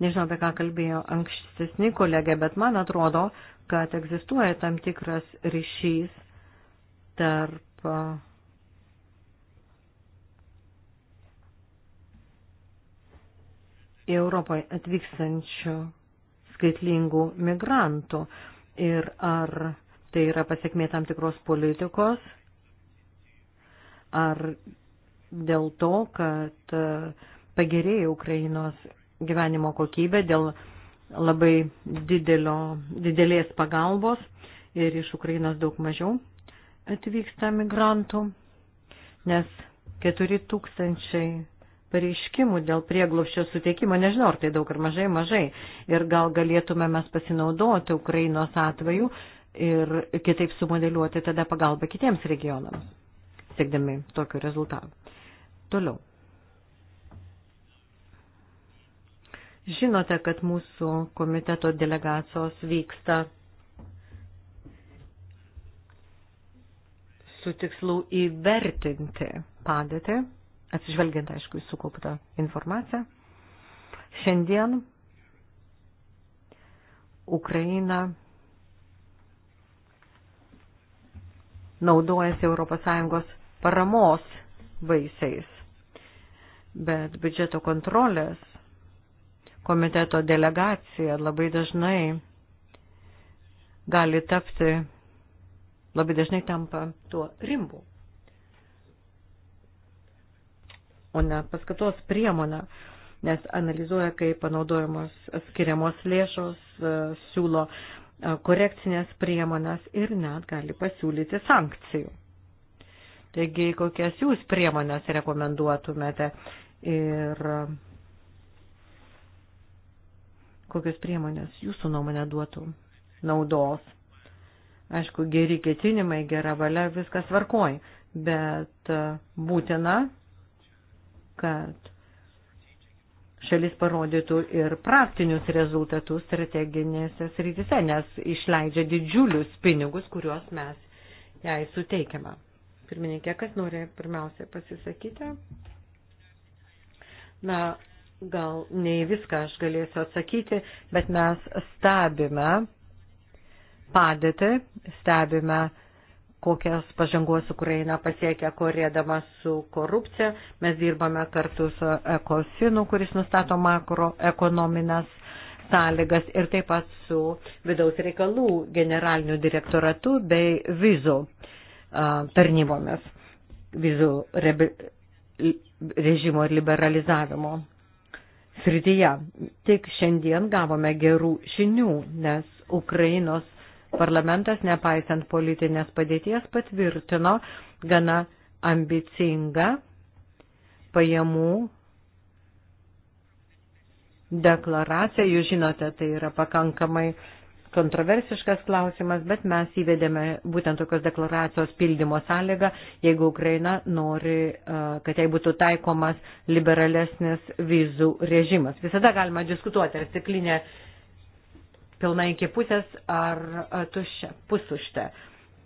A: Nežinau, apie ką kalbėjo ankstesni kolegė, bet man atrodo, kad egzistuoja tam tikras ryšys tarp į uh, Europą atvykstančių skaitlingų migrantų ir ar tai yra pasiekmė tam tikros politikos, ar dėl to, kad e, pagerėjo Ukrainos gyvenimo kokybė dėl labai didelio, didelės pagalbos ir iš Ukrainos daug mažiau atvyksta migrantų, nes 4 tūkstančiai pareiškimų dėl prieglopščio suteikimo, nežinau, ar tai daug ar mažai, mažai. Ir gal galėtume mes pasinaudoti Ukrainos atveju ir kitaip sumodeliuoti tada pagalbą kitiems regionams, siekdami tokių rezultatų. Toliau. Žinote, kad mūsų komiteto delegacijos vyksta su tikslu įvertinti padėtį atsižvelgiant, aišku, į sukauptą informaciją. Šiandien Ukraina naudojasi ES paramos vaisiais, bet biudžeto kontrolės komiteto delegacija labai dažnai gali tapti, labai dažnai tampa tuo rimbu o ne paskatos priemonę, nes analizuoja, kaip panaudojamos skiriamos lėšos, e, siūlo e, korekcinės priemonės ir net gali pasiūlyti sankcijų. Taigi, kokias jūs priemonės rekomenduotumėte ir e, kokios priemonės jūsų nuomonė duotų naudos. Aišku, geri ketinimai, gera valia, viskas varkoj, bet būtina kad šalis parodytų ir praktinius rezultatus strateginėse srityse, nes išleidžia didžiulius pinigus, kuriuos mes jai suteikiame. Pirmininkė, kas nori pirmiausia pasisakyti? Na, gal ne viską aš galėsiu atsakyti, bet mes stebime padėtį, stebime kokias pažangos Ukraina pasiekia korėdama su korupcija. Mes dirbame kartu su ekosinu, kuris nustato makroekonominės sąlygas ir taip pat su vidaus reikalų generaliniu direktoratu bei vizų tarnybomis, vizų rebi, režimo ir liberalizavimo srityje. Tik šiandien gavome gerų žinių, nes Ukrainos Parlamentas, nepaisant politinės padėties, patvirtino gana ambicingą pajamų deklaraciją. Jūs žinote, tai yra pakankamai kontroversiškas klausimas, bet mes įvedėme būtent tokios deklaracijos pildymo sąlygą, jeigu Ukraina nori, kad jai būtų taikomas liberalesnis vizų režimas. Visada galima diskutuoti, ar stiklinė pilna iki pusės ar e, tuščia, pustuštė.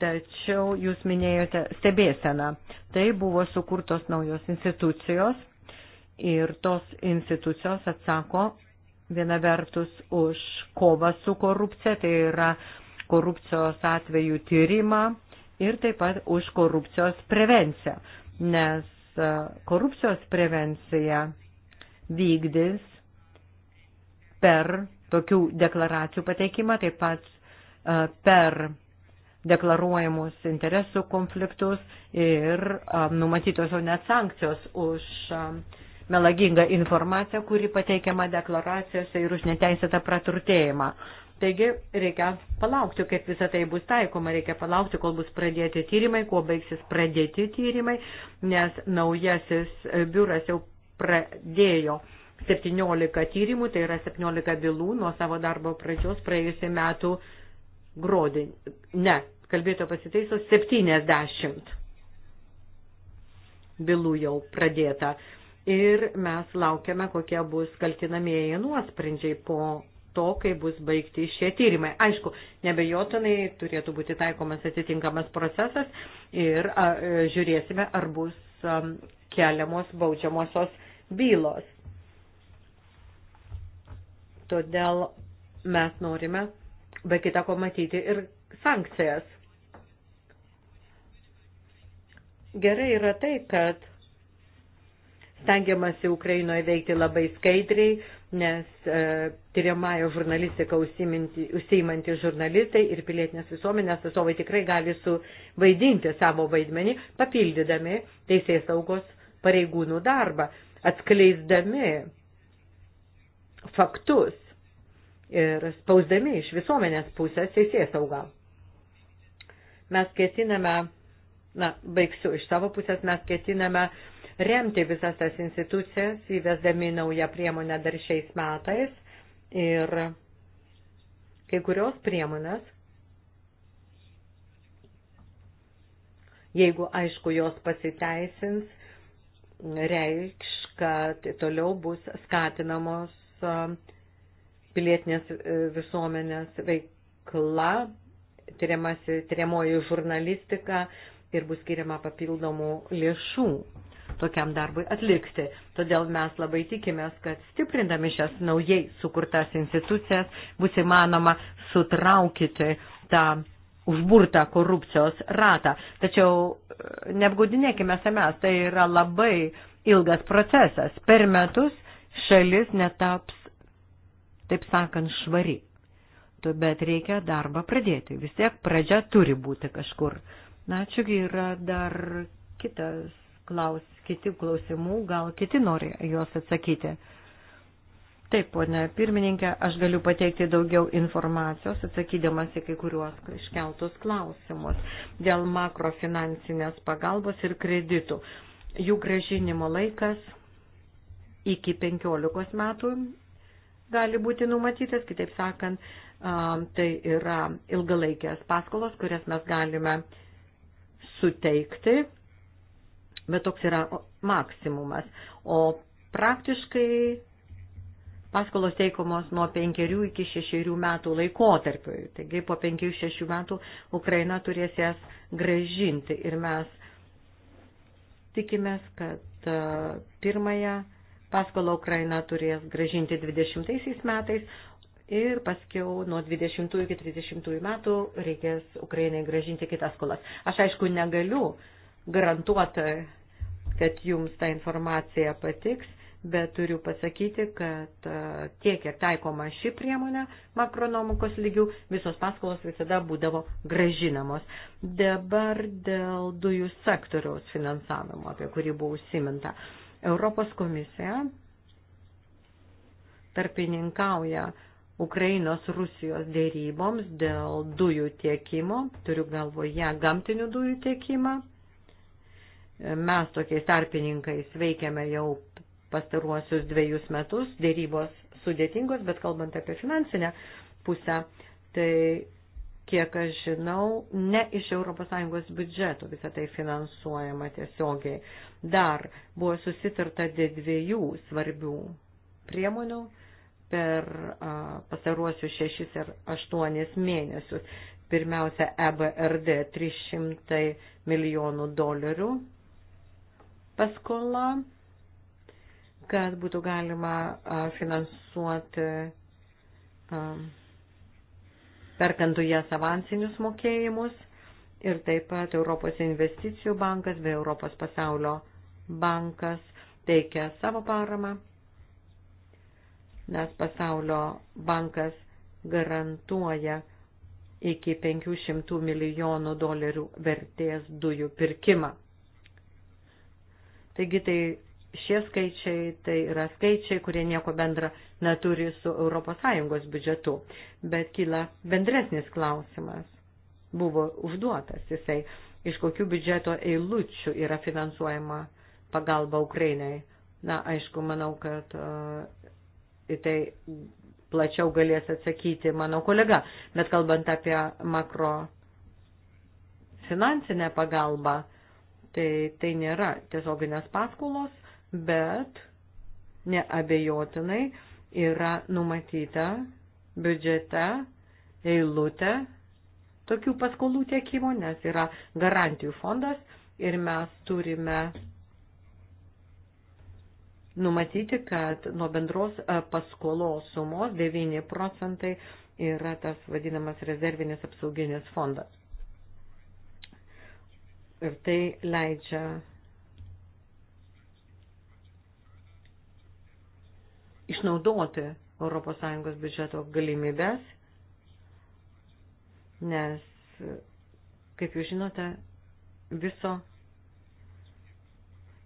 A: Tačiau jūs minėjote stebėseną. Tai buvo sukurtos naujos institucijos ir tos institucijos atsako viena vertus už kovą su korupcija, tai yra korupcijos atvejų tyrimą ir taip pat už korupcijos prevenciją, nes e, korupcijos prevencija vykdys per tokių deklaracijų pateikimą, taip pat e, per deklaruojamus interesų konfliktus ir e, numatytos jau net sankcijos už e, melagingą informaciją, kuri pateikiama deklaracijose ir už neteisėtą praturtėjimą. Taigi reikia palaukti, kaip visą tai bus taikoma, reikia palaukti, kol bus pradėti tyrimai, kuo baigsis pradėti tyrimai, nes naujasis biuras jau pradėjo 17 tyrimų, tai yra 17 bylų nuo savo darbo pradžios praėjusiai metų gruodį. Ne, kalbėto pasitaiso 70 bylų jau pradėta. Ir mes laukiame, kokie bus kaltinamieji nuosprendžiai po to, kai bus baigti šie tyrimai. Aišku, nebejotinai turėtų būti taikomas atitinkamas procesas ir a, žiūrėsime, ar bus a, keliamos baudžiamosios bylos Todėl mes norime, be kita ko, matyti ir sankcijas. Gerai yra tai, kad stengiamasi Ukrainoje veikti labai skaidriai, nes e, tyriamąją žurnalistiką užsiimantys žurnalistai ir pilietinės visuomenės atstovai tikrai gali suvaidinti savo vaidmenį, papildydami teisės saugos pareigūnų darbą, atskleisdami faktus ir spausdami iš visuomenės pusės teisės saugą. Mes ketiname, na, baigsiu, iš savo pusės mes ketiname remti visas tas institucijas, įvesdami naują priemonę dar šiais metais ir kai kurios priemonės, jeigu aišku jos pasiteisins, reikš, kad toliau bus skatinamos pilietinės e, visuomenės veikla, tyriamoji žurnalistika ir bus skiriama papildomų lėšų tokiam darbui atlikti. Todėl mes labai tikimės, kad stiprindami šias naujai sukurtas institucijas bus įmanoma sutraukyti tą užburtą korupcijos ratą. Tačiau e, neapgaudinėkime savęs, tai yra labai ilgas procesas. Per metus šalis netaps, taip sakant, švari. Tu bet reikia darbą pradėti. Vis tiek pradžia turi būti kažkur. Na, ačiūgi yra dar kitas klaus, kiti klausimų, gal kiti nori juos atsakyti. Taip, ponė pirmininkė, aš galiu pateikti daugiau informacijos, atsakydamas į kai kuriuos iškeltus klausimus dėl makrofinansinės pagalbos ir kreditų. Jų gražinimo laikas iki 15 metų gali būti numatytas, kitaip sakant, tai yra ilgalaikės paskolos, kurias mes galime suteikti, bet toks yra maksimumas. O praktiškai paskolos teikomos nuo penkerių iki šešerių metų laikotarpiui. Taigi po penkių šešių metų Ukraina turės jas gražinti ir mes tikimės, kad pirmąją Paskolą Ukraina turės gražinti 20 metais ir paskiau nuo 20 iki 30 metų reikės Ukrainai gražinti kitas skolas. Aš aišku negaliu garantuoti, kad jums ta informacija patiks, bet turiu pasakyti, kad e, tiek ir taikoma ši priemonė makronomikos lygių, visos paskolos visada būdavo gražinamos. Dabar dėl dujų sektoriaus finansavimo, apie kurį buvo užsiminta. Uh, Europos komisija tarpininkauja Ukrainos Rusijos dėryboms dėl dujų tiekimo, turiu galvoje gamtinių dujų tiekimą. Mes tokiais tarpininkais veikiame jau pastaruosius dviejus metus, dėrybos sudėtingos, bet kalbant apie finansinę pusę, tai kiek aš žinau, ne iš ES biudžeto visą tai finansuojama tiesiogiai. Dar buvo susitarta dėl dviejų svarbių priemonių per pastaruosius šešis ar aštuonis mėnesius. Pirmiausia, EBRD 300 milijonų dolerių paskola, kad būtų galima finansuoti perkant dujas avansinius mokėjimus ir taip pat Europos investicijų bankas bei Europos pasaulio bankas teikia savo paramą, nes pasaulio bankas garantuoja iki 500 milijonų dolerių vertės dujų pirkimą. Taigi tai šie skaičiai tai yra skaičiai, kurie nieko bendra neturi su ES biudžetu, bet kyla bendresnis klausimas. Buvo užduotas jisai, iš kokių biudžeto eilučių yra finansuojama pagalbą Ukrainai. Na, aišku, manau, kad e, į tai plačiau galės atsakyti mano kolega, bet kalbant apie makro finansinę pagalbą, tai tai nėra tiesioginės paskolos, bet neabejotinai yra numatyta biudžete eilutė tokių paskolų tiekimo, nes yra garantijų fondas ir mes turime numatyti, kad nuo bendros e, paskolos sumos 9 procentai yra tas vadinamas rezervinis apsauginis fondas. Ir tai leidžia išnaudoti ES biudžeto galimybės, nes, kaip jūs žinote, viso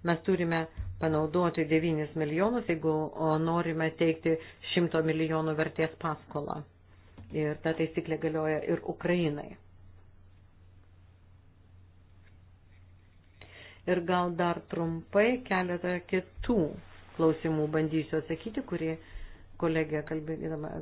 A: Mes turime panaudoti 9 milijonus, jeigu norime teikti 100 milijonų vertės paskolą. Ir ta taisyklė galioja ir Ukrainai. Ir gal dar trumpai keletą kitų klausimų bandysiu atsakyti, kurie kolegė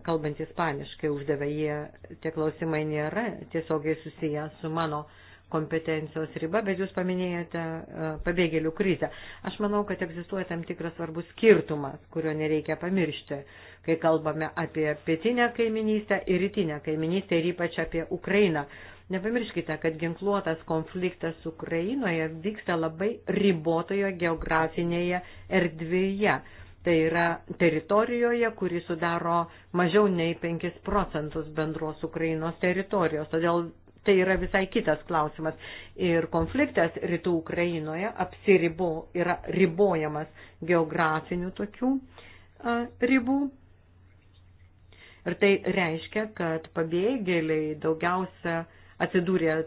A: kalbant ispaniškai uždavė, jie tie klausimai nėra tiesiogiai susiję su mano uh, kompetencijos riba, bet jūs paminėjote e, pabėgėlių krizę. Aš manau, kad egzistuoja tam tikras svarbus skirtumas, kurio nereikia pamiršti, kai kalbame apie pietinę kaiminystę ir rytinę kaiminystę ir ypač apie Ukrainą. Nepamirškite, kad ginkluotas konfliktas Ukrainoje vyksta labai ribotoje geografinėje erdvėje tai yra teritorijoje, kuri sudaro mažiau nei 5 procentus bendros Ukrainos teritorijos. Todėl tai yra visai kitas klausimas. Ir konfliktas rytų Ukrainoje apsiribo, yra ribojamas geografinių tokių a, ribų. Ir tai reiškia, kad pabėgėliai daugiausia atsidūrė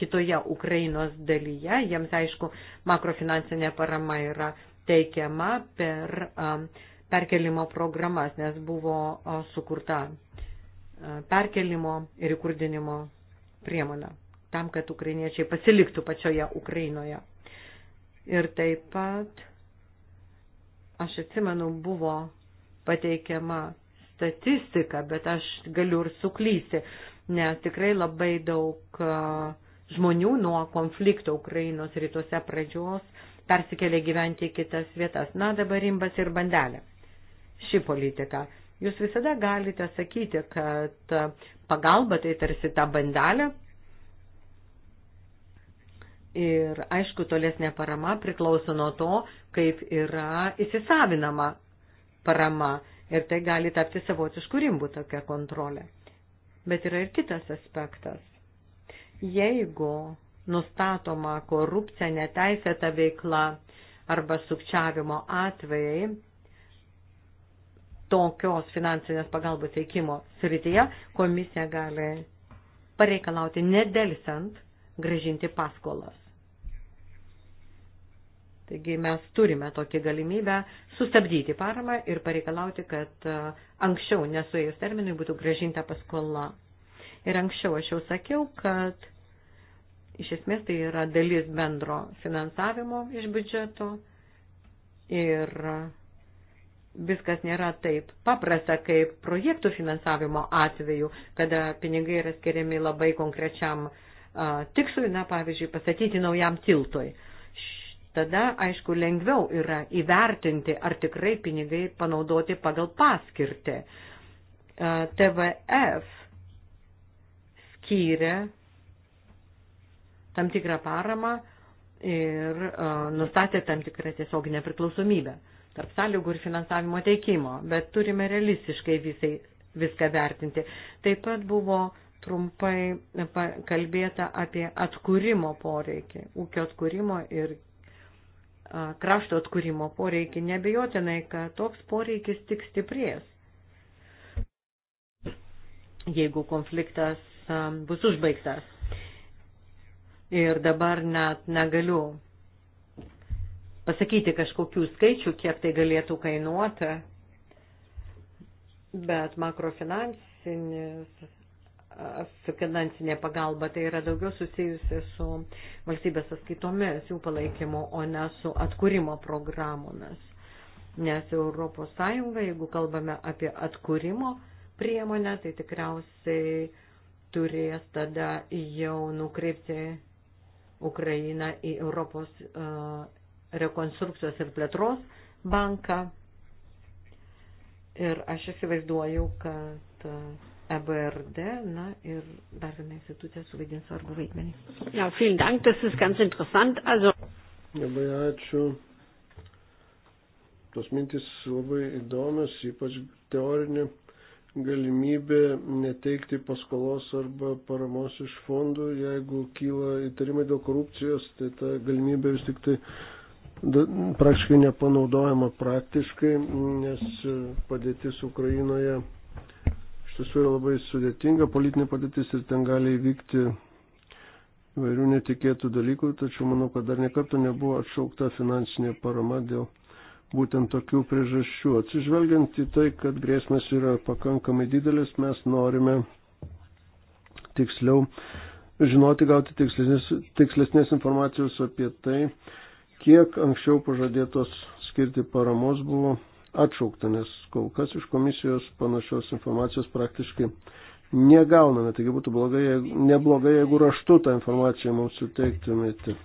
A: kitoje Ukrainos dalyje. Jiems, aišku, makrofinansinė parama yra teikiama per um, perkelimo programas, nes buvo o, sukurta perkelimo ir įkurdinimo priemonę tam, kad ukrainiečiai pasiliktų pačioje Ukrainoje. Ir taip pat, aš atsimenu, buvo pateikiama statistika, bet aš galiu ir suklysti, nes tikrai labai daug žmonių nuo konflikto Ukrainos rytuose pradžios persikėlė gyventi į kitas vietas. Na, dabar rimbas ir bandelė. Ši politika. Jūs visada galite sakyti, kad pagalba tai tarsi tą bandelę. Ir aišku, tolesnė parama priklauso nuo to, kaip yra įsisavinama parama. Ir tai gali tapti savotiškų rimbų tokia kontrolė. Bet yra ir kitas aspektas. Jeigu nustatoma korupcija, neteisėta veikla arba sukčiavimo atvejai, tokios finansinės pagalbos teikimo srityje, komisija gali pareikalauti nedelsiant gražinti paskolas. Taigi mes turime tokį galimybę sustabdyti paramą ir pareikalauti, kad e, anksčiau nesuėjus terminui būtų gražinta paskola. Ir anksčiau aš jau sakiau, kad iš esmės tai yra dalis bendro finansavimo iš biudžeto ir viskas nėra taip paprasta, kaip projektų finansavimo atveju, kada pinigai yra skiriami labai konkrečiam tikslui, na, pavyzdžiui, pasakyti naujam tiltui. Tada, aišku, lengviau yra įvertinti, ar tikrai pinigai panaudoti pagal paskirtį. TVF skyrė tam tikrą paramą ir nustatė tam tikrą tiesioginę priklausomybę tarp sąlygų ir finansavimo teikimo, bet turime realistiškai visai, viską vertinti. Taip pat buvo trumpai kalbėta apie atkūrimo poreikį, ūkio atkūrimo ir krašto atkūrimo poreikį. Nebejotinai, kad toks poreikis tik stiprės, jeigu konfliktas bus užbaigtas. Ir dabar net negaliu pasakyti kažkokių skaičių, kiek tai galėtų kainuoti, bet makrofinansinis su finansinė pagalba, tai yra daugiau susijusi su valstybės sąskaitomis, jų palaikymu, o ne su atkūrimo programomis. Nes Europos Sąjunga, jeigu kalbame apie atkūrimo priemonę, tai tikriausiai turės tada jau nukreipti Ukrainą į Europos uh, rekonstrukcijos ir plėtros banką. Ir aš įsivaizduoju, kad EBRD, na ir dar viena institucija suvaidins svarbu vaidmenį. Ja, vielen Dank, das ist ganz interessant. Also... Labai ačiū.
B: Tos mintis labai įdomios, ypač teorinė galimybė neteikti paskolos arba paramos iš fondų, jeigu kyla įtarimai dėl korupcijos, tai ta galimybė vis tik tai praktiškai nepanaudojama praktiškai, nes e, padėtis Ukrainoje iš tiesų yra labai sudėtinga, politinė padėtis ir ten gali įvykti vairių netikėtų dalykų, tačiau manau, kad dar nekartą nebuvo atšaukta finansinė parama dėl būtent tokių priežasčių. Atsižvelgiant į tai, kad grėsmės yra pakankamai didelis, mes norime tiksliau žinoti, gauti tikslesnės, tikslesnės informacijos apie tai, kiek anksčiau pažadėtos skirti paramos buvo atšaukta, nes kol kas iš komisijos panašios informacijos praktiškai negauname. Taigi būtų blogai, jeigu, neblogai, jeigu raštu tą informaciją mums suteiktumėte.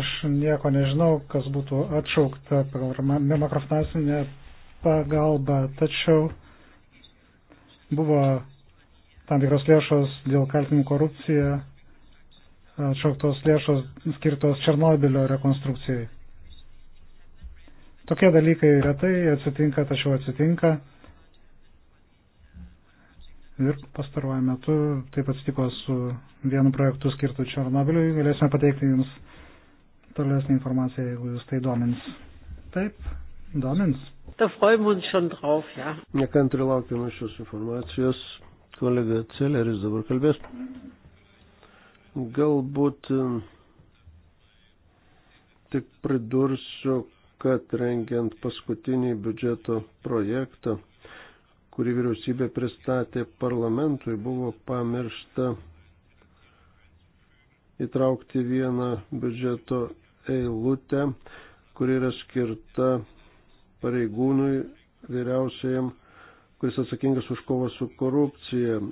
A: Aš
C: nieko nežinau, kas būtų atšaukta pagal makrofinansinę pagalbą, tačiau buvo tam tikros lėšos dėl kaltinimų korupciją atšauktos lėšos skirtos Černobilio rekonstrukcijai. Tokie dalykai retai atsitinka, tačiau atsitinka. Ir pastaruoju metu taip atsitiko su vienu projektu skirtu Černobiliui. Galėsime pateikti Jums tolesnį informaciją, jeigu Jūs tai domins. Taip, domins.
B: Da freuen wir uns schon drauf, ja. Nekantri laukiame šios informacijos. Kolega Celeris dabar kalbės. Galbūt um, tik pridursiu, kad rengiant paskutinį biudžeto projektą, kurį vyriausybė pristatė parlamentui, buvo pamiršta įtraukti vieną biudžeto eilutę, kuri yra skirta pareigūnui vyriausiajam, kuris atsakingas už kovą su korupcija.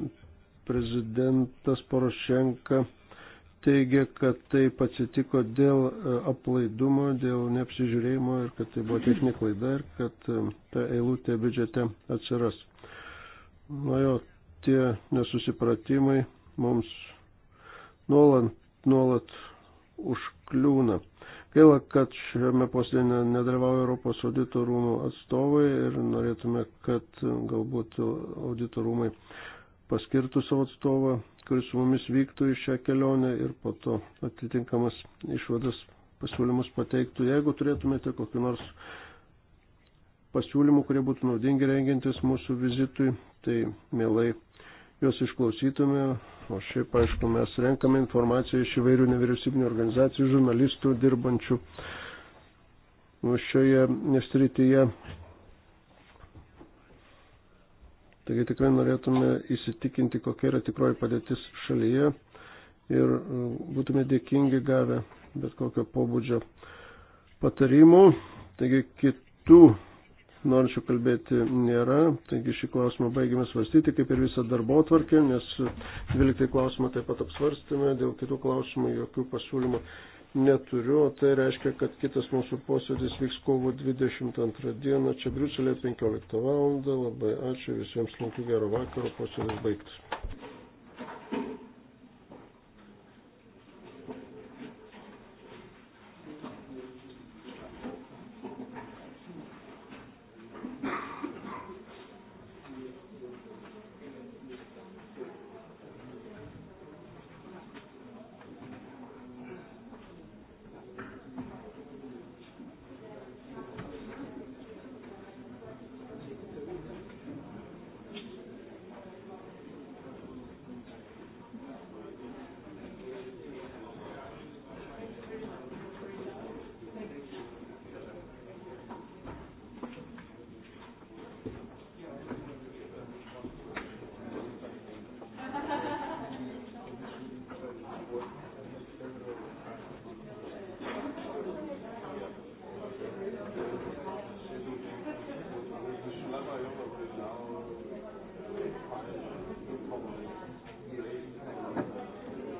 B: Prezidentas Porošenka teigia, kad taip atsitiko dėl e, aplaidumo, dėl neapsižiūrėjimo ir kad tai buvo techninė klaida ir kad e, ta eilutė biudžete atsiras. Na jo, tie nesusipratimai mums nuolat, nuolat užkliūna. Gaila, kad šiame posėdėje nedalyvauja Europos audito rūmų atstovai ir norėtume, kad galbūt audito rūmai paskirtų savo atstovą kuris su mumis vyktų į šią kelionę ir po to atitinkamas išvadas pasiūlymus pateiktų. Jeigu turėtumėte kokį nors pasiūlymų, kurie būtų naudingi rengiantis mūsų vizitui, tai mielai juos išklausytume. O šiaip, aišku, mes renkame informaciją iš įvairių nevyriausybinių organizacijų, žurnalistų dirbančių šioje srityje Taigi tikrai norėtume įsitikinti, kokia yra tikroji padėtis šalyje ir e, būtume dėkingi gavę bet kokio pobūdžio patarimų. Taigi kitų norinčių kalbėti nėra. Taigi šį klausimą baigėme svarstyti, kaip ir visą darbo tvarkę, nes 12 klausimą taip pat apsvarstėme, dėl kitų klausimų jokių pasiūlymų neturiu, o tai reiškia, kad kitas mūsų posėdis vyks kovo 22 dieną, čia Briuselė 15 val. Labai ačiū visiems, linkiu gero vakaro, posėdis baigtas.